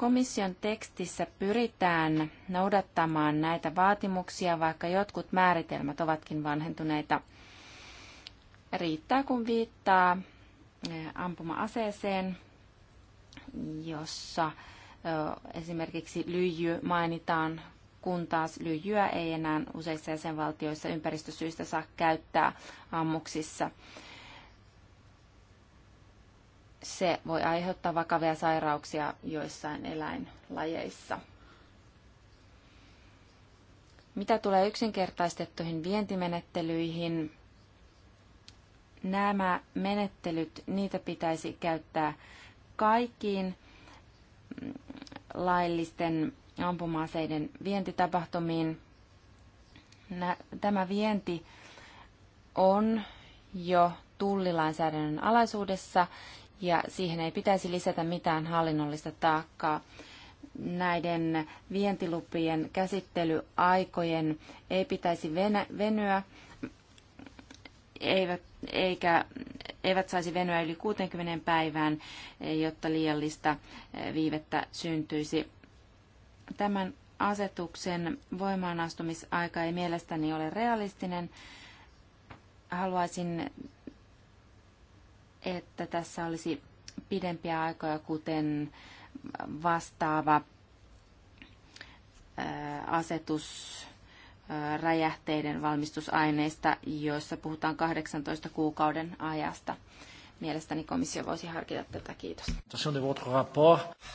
Komission tekstissä pyritään noudattamaan näitä vaatimuksia, vaikka jotkut määritelmät ovatkin vanhentuneita. Riittää, kun viittaa eh, ampuma-aseeseen, jossa eh, esimerkiksi lyijy mainitaan, kun taas lyijyä ei enää useissa jäsenvaltioissa ympäristösyistä saa käyttää ammuksissa se voi aiheuttaa vakavia sairauksia joissain eläinlajeissa. Mitä tulee yksinkertaistettuihin vientimenettelyihin, nämä menettelyt, niitä pitäisi käyttää kaikkiin laillisten ampumaaseiden vientitapahtumiin. Tämä vienti on jo tullilainsäädännön alaisuudessa ja siihen ei pitäisi lisätä mitään hallinnollista taakkaa. Näiden vientilupien käsittelyaikojen ei pitäisi venyä, eivät, eikä, eivät saisi venyä yli 60 päivään, jotta liiallista eh, viivettä syntyisi. Tämän asetuksen voimaanastumisaika ei mielestäni ole realistinen. Haluaisin että tässä olisi pidempiä aikoja, kuten vastaava asetus räjähteiden valmistusaineista, joissa puhutaan 18 kuukauden ajasta. Mielestäni komissio voisi harkita tätä. Kiitos.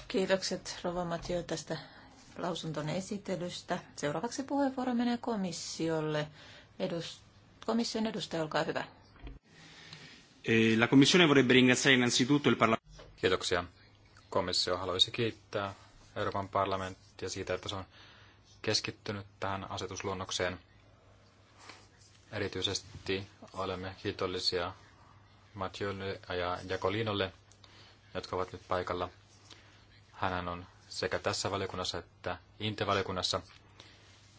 Kiitokset Rova Mathieu tästä lausuntonne esittelystä. Seuraavaksi puheenvuoro menee komissiolle. Edus- komission edustaja, olkaa hyvä. Eh, la Commissione vorrebbe ringraziare innanzitutto il Parlamento. Kiitoksia. Komissio haluaisi kiittää Euroopan parlamenttia siitä, että se on keskittynyt tähän asetusluonnokseen. Erityisesti olemme kiitollisia Mathieulle ja Jakolinolle, jotka ovat nyt paikalla. Hänhän on sekä tässä valiokunnassa että Inte-valiokunnassa.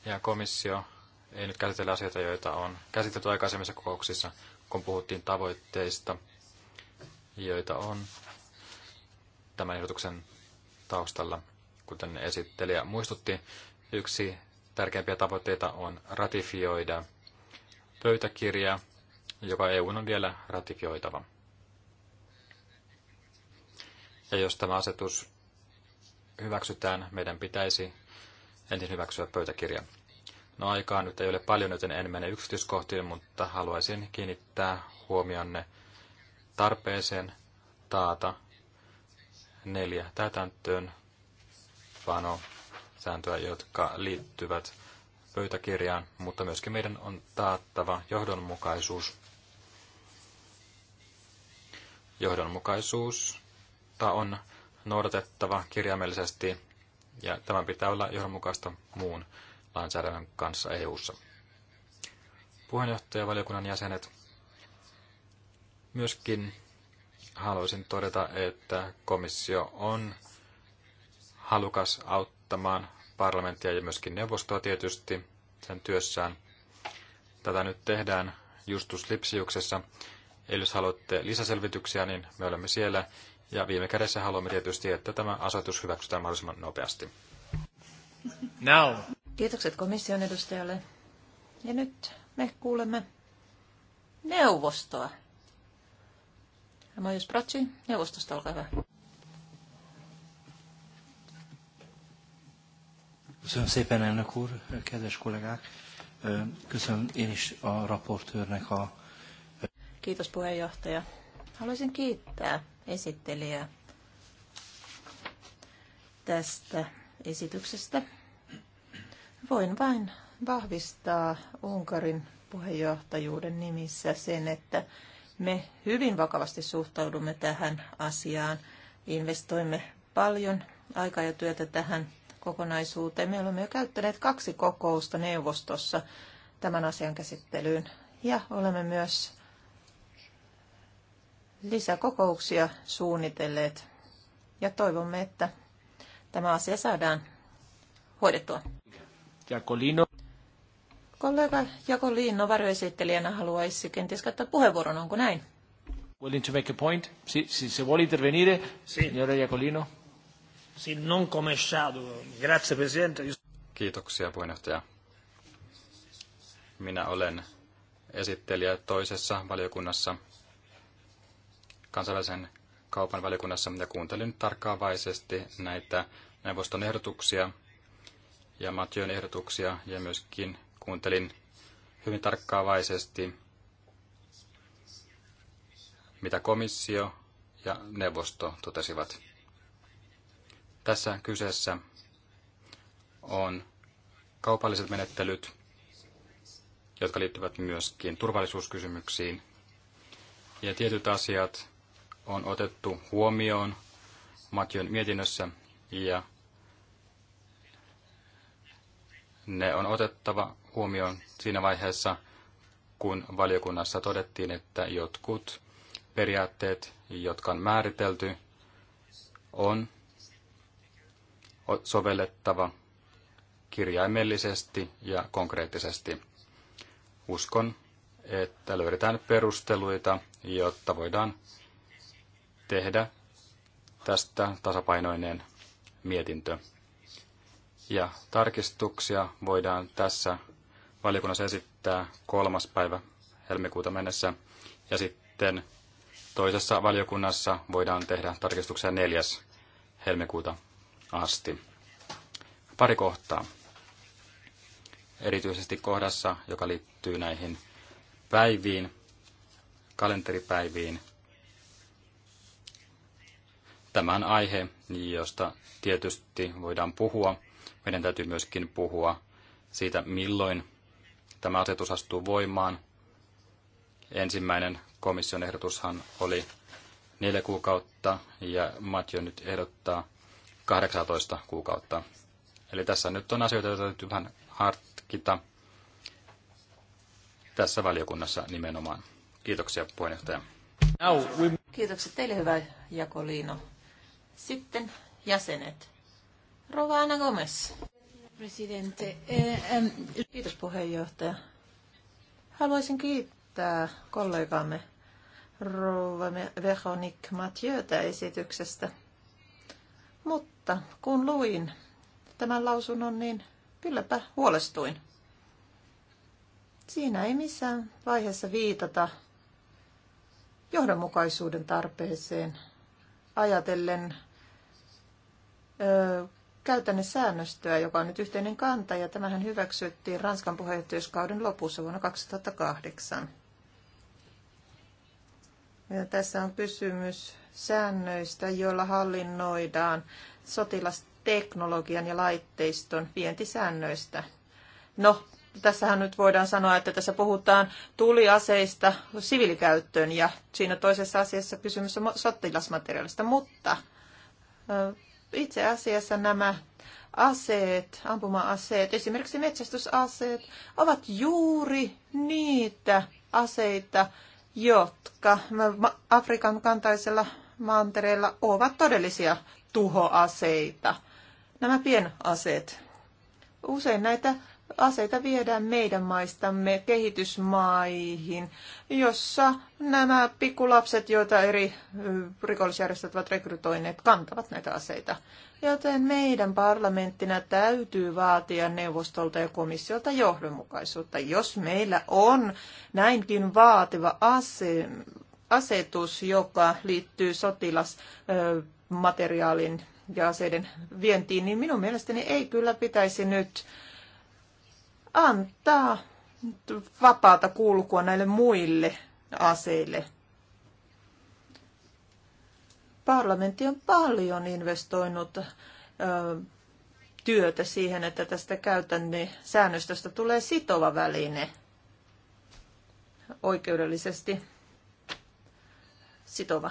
Ja komissio ei nyt käsitellä asioita, joita on käsitelty aikaisemmissa kokouksissa, kun puhuttiin tavoitteista, joita on tämän ehdotuksen taustalla, kuten esittelijä muistutti, yksi tärkeimpiä tavoitteita on ratifioida pöytäkirja, joka EU on vielä ratifioitava. Ja jos tämä asetus hyväksytään, meidän pitäisi ensin hyväksyä pöytäkirja. No aikaa nyt ei ole paljon, joten en mene yksityiskohtiin, mutta haluaisin kiinnittää huomionne tarpeeseen taata neljä täytäntöön pano sääntöä, jotka liittyvät pöytäkirjaan, mutta myöskin meidän on taattava johdonmukaisuus. Johdonmukaisuus on noudatettava kirjaimellisesti ja tämän pitää olla johdonmukaista muun lainsäädännön kanssa EU:ssa. Puheenjohtaja, valiokunnan jäsenet, myöskin haluaisin todeta, että komissio on halukas auttamaan parlamenttia ja myöskin neuvostoa tietysti sen työssään. Tätä nyt tehdään Justus Lipsiuksessa. Eli jos haluatte lisäselvityksiä, niin me olemme siellä. Ja viime kädessä haluamme tietysti, että tämä asetus hyväksytään mahdollisimman nopeasti. Now. Kiitokset komission edustajalle. Ja nyt me kuulemme neuvostoa. Majus Pratsi, neuvostosta, olkaa hyvä. Köszönöm szépen, elnök úr, kedves kollégák. Köszönöm én is a raportőrnek a... Kiitos puheenjohtaja. Haluaisin kiittää esittelijää tästä esityksestä Voin vain vahvistaa Unkarin puheenjohtajuuden nimissä sen, että me hyvin vakavasti suhtaudumme tähän asiaan. Investoimme paljon aikaa ja työtä tähän kokonaisuuteen. Me olemme jo käyttäneet kaksi kokousta neuvostossa tämän asian käsittelyyn ja olemme myös lisäkokouksia suunnitelleet ja toivomme, että tämä asia saadaan hoidettua. Jakolino. Kollega Jakolino varjoesittelijänä haluaisi kenties käyttää puheenvuoron, onko näin? Willing to make a point? Si, si se vuole intervenire, si. signora Jacolino. Si, non come shadow. Grazie, Presidente. Kiitoksia, puheenjohtaja. Minä olen esittelijä toisessa valiokunnassa, kansalaisen kaupan valiokunnassa, ja kuuntelin tarkkaavaisesti näitä neuvoston ehdotuksia – ja Matjön ehdotuksia ja myöskin kuuntelin hyvin tarkkaavaisesti, mitä komissio ja neuvosto totesivat. Tässä kyseessä on kaupalliset menettelyt, jotka liittyvät myöskin turvallisuuskysymyksiin. Ja tietyt asiat on otettu huomioon Matjön mietinnössä ja ne on otettava huomioon siinä vaiheessa, kun valiokunnassa todettiin, että jotkut periaatteet, jotka on määritelty, on sovellettava kirjaimellisesti ja konkreettisesti. Uskon, että löydetään perusteluita, jotta voidaan tehdä tästä tasapainoinen mietintö. Ja tarkistuksia voidaan tässä valiokunnassa esittää kolmas päivä helmikuuta mennessä. Ja sitten toisessa valiokunnassa voidaan tehdä tarkistuksia neljäs helmikuuta asti. Pari kohtaa. Erityisesti kohdassa, joka liittyy näihin päiviin, kalenteripäiviin. Tämä on aihe, josta tietysti voidaan puhua, meidän täytyy myöskin puhua siitä, milloin tämä asetus astuu voimaan. Ensimmäinen komission ehdotushan oli neljä kuukautta ja Matjo nyt ehdottaa 18 kuukautta. Eli tässä nyt on asioita, joita täytyy vähän harkita tässä valiokunnassa nimenomaan. Kiitoksia puheenjohtaja. Kiitokset teille hyvä Jakoliino. Sitten jäsenet. Rova Ana Gomez. Presidente. Eh, Kiitos puheenjohtaja. Haluaisin kiittää kollegaamme Rova Veronique Mathieutä esityksestä. Mutta kun luin tämän lausunnon, niin kylläpä huolestuin. Siinä ei missään vaiheessa viitata johdonmukaisuuden tarpeeseen ajatellen säännöstöä, joka on nyt yhteinen kanta, ja tämähän hyväksyttiin Ranskan puheenjohtajuuskauden lopussa vuonna 2008. Ja tässä on kysymys säännöistä, joilla hallinnoidaan sotilasteknologian ja laitteiston vientisäännöistä. No, tässähän nyt voidaan sanoa, että tässä puhutaan tuliaseista siviilikäyttöön ja siinä toisessa asiassa kysymys on sotilasmateriaalista, mutta itse asiassa nämä aseet, ampuma-aseet, esimerkiksi metsästysaseet, ovat juuri niitä aseita, jotka Afrikan kantaisella mantereella ovat todellisia tuhoaseita. Nämä pienaseet. Usein näitä aseita viedään meidän maistamme kehitysmaihin, jossa nämä pikkulapset, joita eri rikollisjärjestöt ovat rekrytoineet, kantavat näitä aseita. Joten meidän parlamenttina täytyy vaatia neuvostolta ja komissiolta johdonmukaisuutta. Jos meillä on näinkin vaativa ase, asetus, joka liittyy sotilasmateriaalin ja aseiden vientiin, niin minun mielestäni ei kyllä pitäisi nyt antaa vapaata kulkua näille muille aseille. Parlamentti on paljon investoinut ö, työtä siihen, että tästä käytännön säännöstöstä tulee sitova väline oikeudellisesti sitova.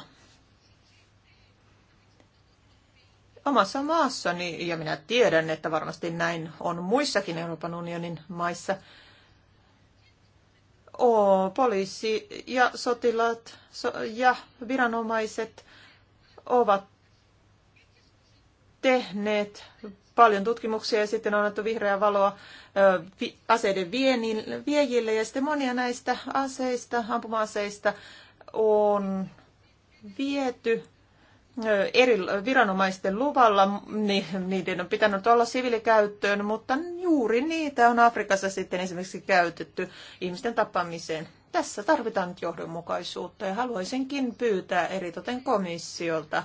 omassa maassani, ja minä tiedän, että varmasti näin on muissakin Euroopan unionin maissa, Oo, poliisi ja sotilaat so, ja viranomaiset ovat tehneet paljon tutkimuksia ja sitten on annettu vihreää valoa aseiden viejille ja sitten monia näistä aseista, ampuma-aseista on viety eri viranomaisten luvalla, niin niiden on pitänyt olla siviilikäyttöön, mutta juuri niitä on Afrikassa sitten esimerkiksi käytetty ihmisten tappamiseen. Tässä tarvitaan nyt johdonmukaisuutta ja haluaisinkin pyytää eritoten komissiolta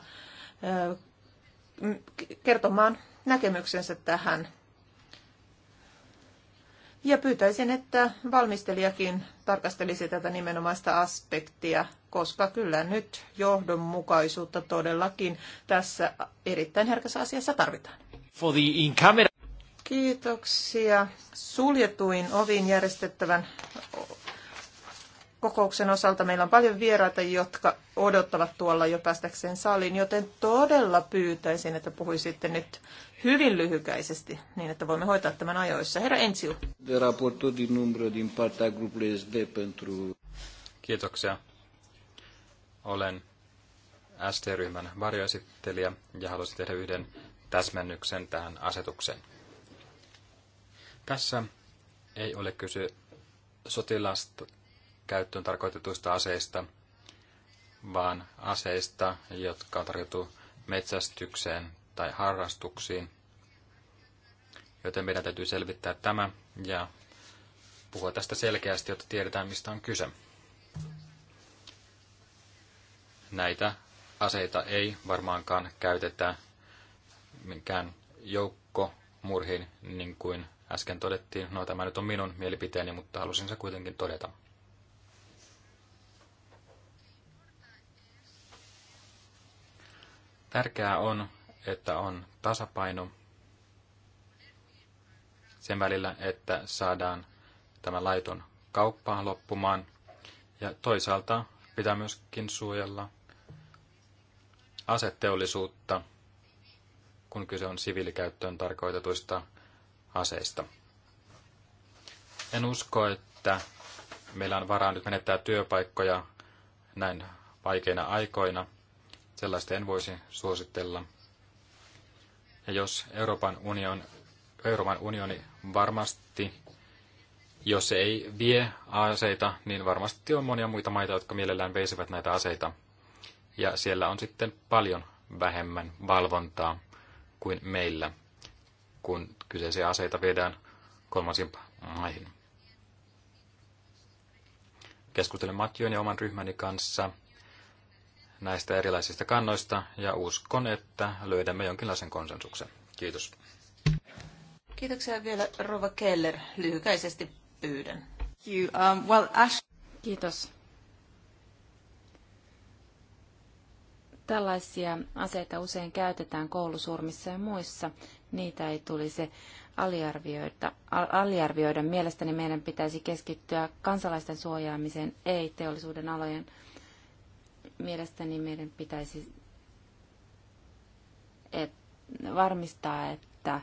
kertomaan näkemyksensä tähän ja pyytäisin, että valmistelijakin tarkastelisi tätä nimenomaista aspektia, koska kyllä nyt johdonmukaisuutta todellakin tässä erittäin herkässä asiassa tarvitaan. For the in Kiitoksia. Suljetuin ovin järjestettävän kokouksen osalta meillä on paljon vieraita, jotka odottavat tuolla jo päästäkseen saliin, joten todella pyytäisin, että puhuisitte nyt hyvin lyhykäisesti, niin että voimme hoitaa tämän ajoissa. Herra Ensiu. Kiitoksia. Olen ST-ryhmän varjoesittelijä ja haluaisin tehdä yhden täsmennyksen tähän asetukseen. Tässä ei ole kyse sotilasta, käyttöön tarkoitetuista aseista, vaan aseista, jotka on tarjottu metsästykseen tai harrastuksiin. Joten meidän täytyy selvittää tämä ja puhua tästä selkeästi, jotta tiedetään, mistä on kyse. Näitä aseita ei varmaankaan käytetä minkään joukkomurhiin, niin kuin äsken todettiin. No tämä nyt on minun mielipiteeni, mutta halusin se kuitenkin todeta. Tärkeää on, että on tasapaino sen välillä, että saadaan tämä laiton kauppaan loppumaan. Ja toisaalta pitää myöskin suojella aseteollisuutta, kun kyse on siviilikäyttöön tarkoitetuista aseista. En usko, että meillä on varaa nyt menettää työpaikkoja näin vaikeina aikoina – Sellaista en voisi suositella. Ja jos Euroopan, union, Euroopan unioni varmasti, jos se ei vie aseita, niin varmasti on monia muita maita, jotka mielellään veisivät näitä aseita. Ja siellä on sitten paljon vähemmän valvontaa kuin meillä, kun kyseisiä aseita viedään kolmansiin maihin. Keskustelen Matjon ja oman ryhmäni kanssa näistä erilaisista kannoista ja uskon, että löydämme jonkinlaisen konsensuksen. Kiitos. Kiitoksia vielä Rova Keller. Lyhykäisesti pyydän. Um, Kiitos. Tällaisia aseita usein käytetään koulusurmissa ja muissa. Niitä ei tulisi aliarvioida. aliarvioida. Mielestäni meidän pitäisi keskittyä kansalaisten suojaamiseen, ei teollisuuden alojen mielestäni meidän pitäisi et, varmistaa, että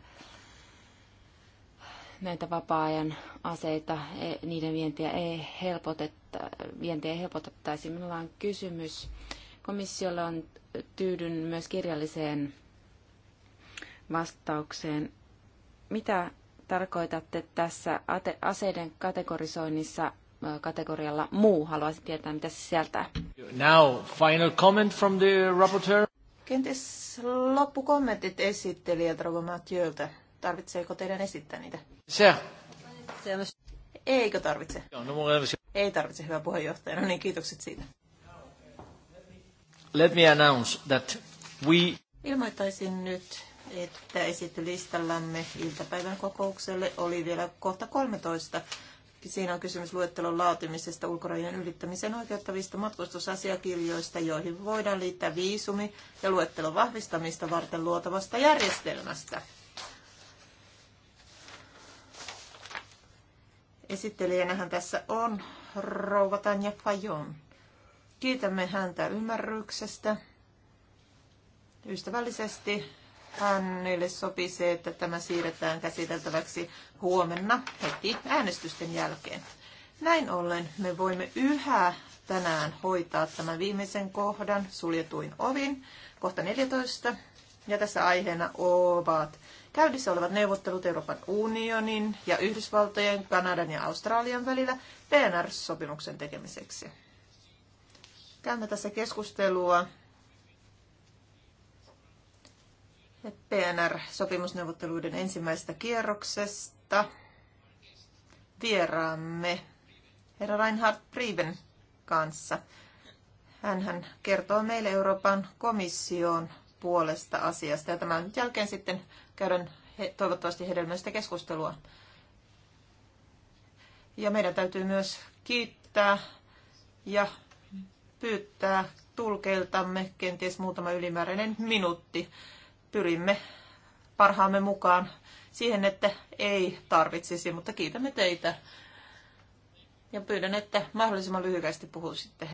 näitä vapaa-ajan aseita, e, niiden vientiä ei, helpotetta, vientiä ei helpotettaisi. Minulla on kysymys. Komissiolle on tyydyn myös kirjalliseen vastaukseen. Mitä tarkoitatte tässä aseiden kategorisoinnissa kategorialla muu. Haluaisin tietää, mitä se sieltä. Now, final comment from the rapporteur. Kenties loppukommentit esittelijältä Robo Mathieuilta. Tarvitseeko teidän esittää niitä? Se. Eikö tarvitse? No, no, no, Ei tarvitse, hyvä puheenjohtaja. No niin, kiitokset siitä. Let me announce that we... Ilmoittaisin nyt, että esittelistallamme iltapäivän kokoukselle oli vielä kohta 13, Siinä on kysymys luettelon laatimisesta ulkorajojen ylittämisen oikeuttavista matkustusasiakirjoista, joihin voidaan liittää viisumi ja luettelon vahvistamista varten luotavasta järjestelmästä. Esittelijänähän tässä on rouva Tanja Fajon. Kiitämme häntä ymmärryksestä ystävällisesti hänelle sopii se, että tämä siirretään käsiteltäväksi huomenna heti äänestysten jälkeen. Näin ollen me voimme yhä tänään hoitaa tämän viimeisen kohdan suljetuin ovin, kohta 14. Ja tässä aiheena ovat käydissä olevat neuvottelut Euroopan unionin ja Yhdysvaltojen, Kanadan ja Australian välillä PNR-sopimuksen tekemiseksi. Käymme tässä keskustelua PNR-sopimusneuvotteluiden ensimmäisestä kierroksesta. Vieraamme herra Reinhard Priven kanssa. Hän kertoo meille Euroopan komission puolesta asiasta ja tämän jälkeen sitten käydään he, toivottavasti hedelmällistä keskustelua. Ja meidän täytyy myös kiittää ja pyytää tulkeiltamme kenties muutama ylimääräinen minuutti pyrimme parhaamme mukaan siihen, että ei tarvitsisi, mutta kiitämme teitä ja pyydän, että mahdollisimman lyhykäisesti puhuisitte,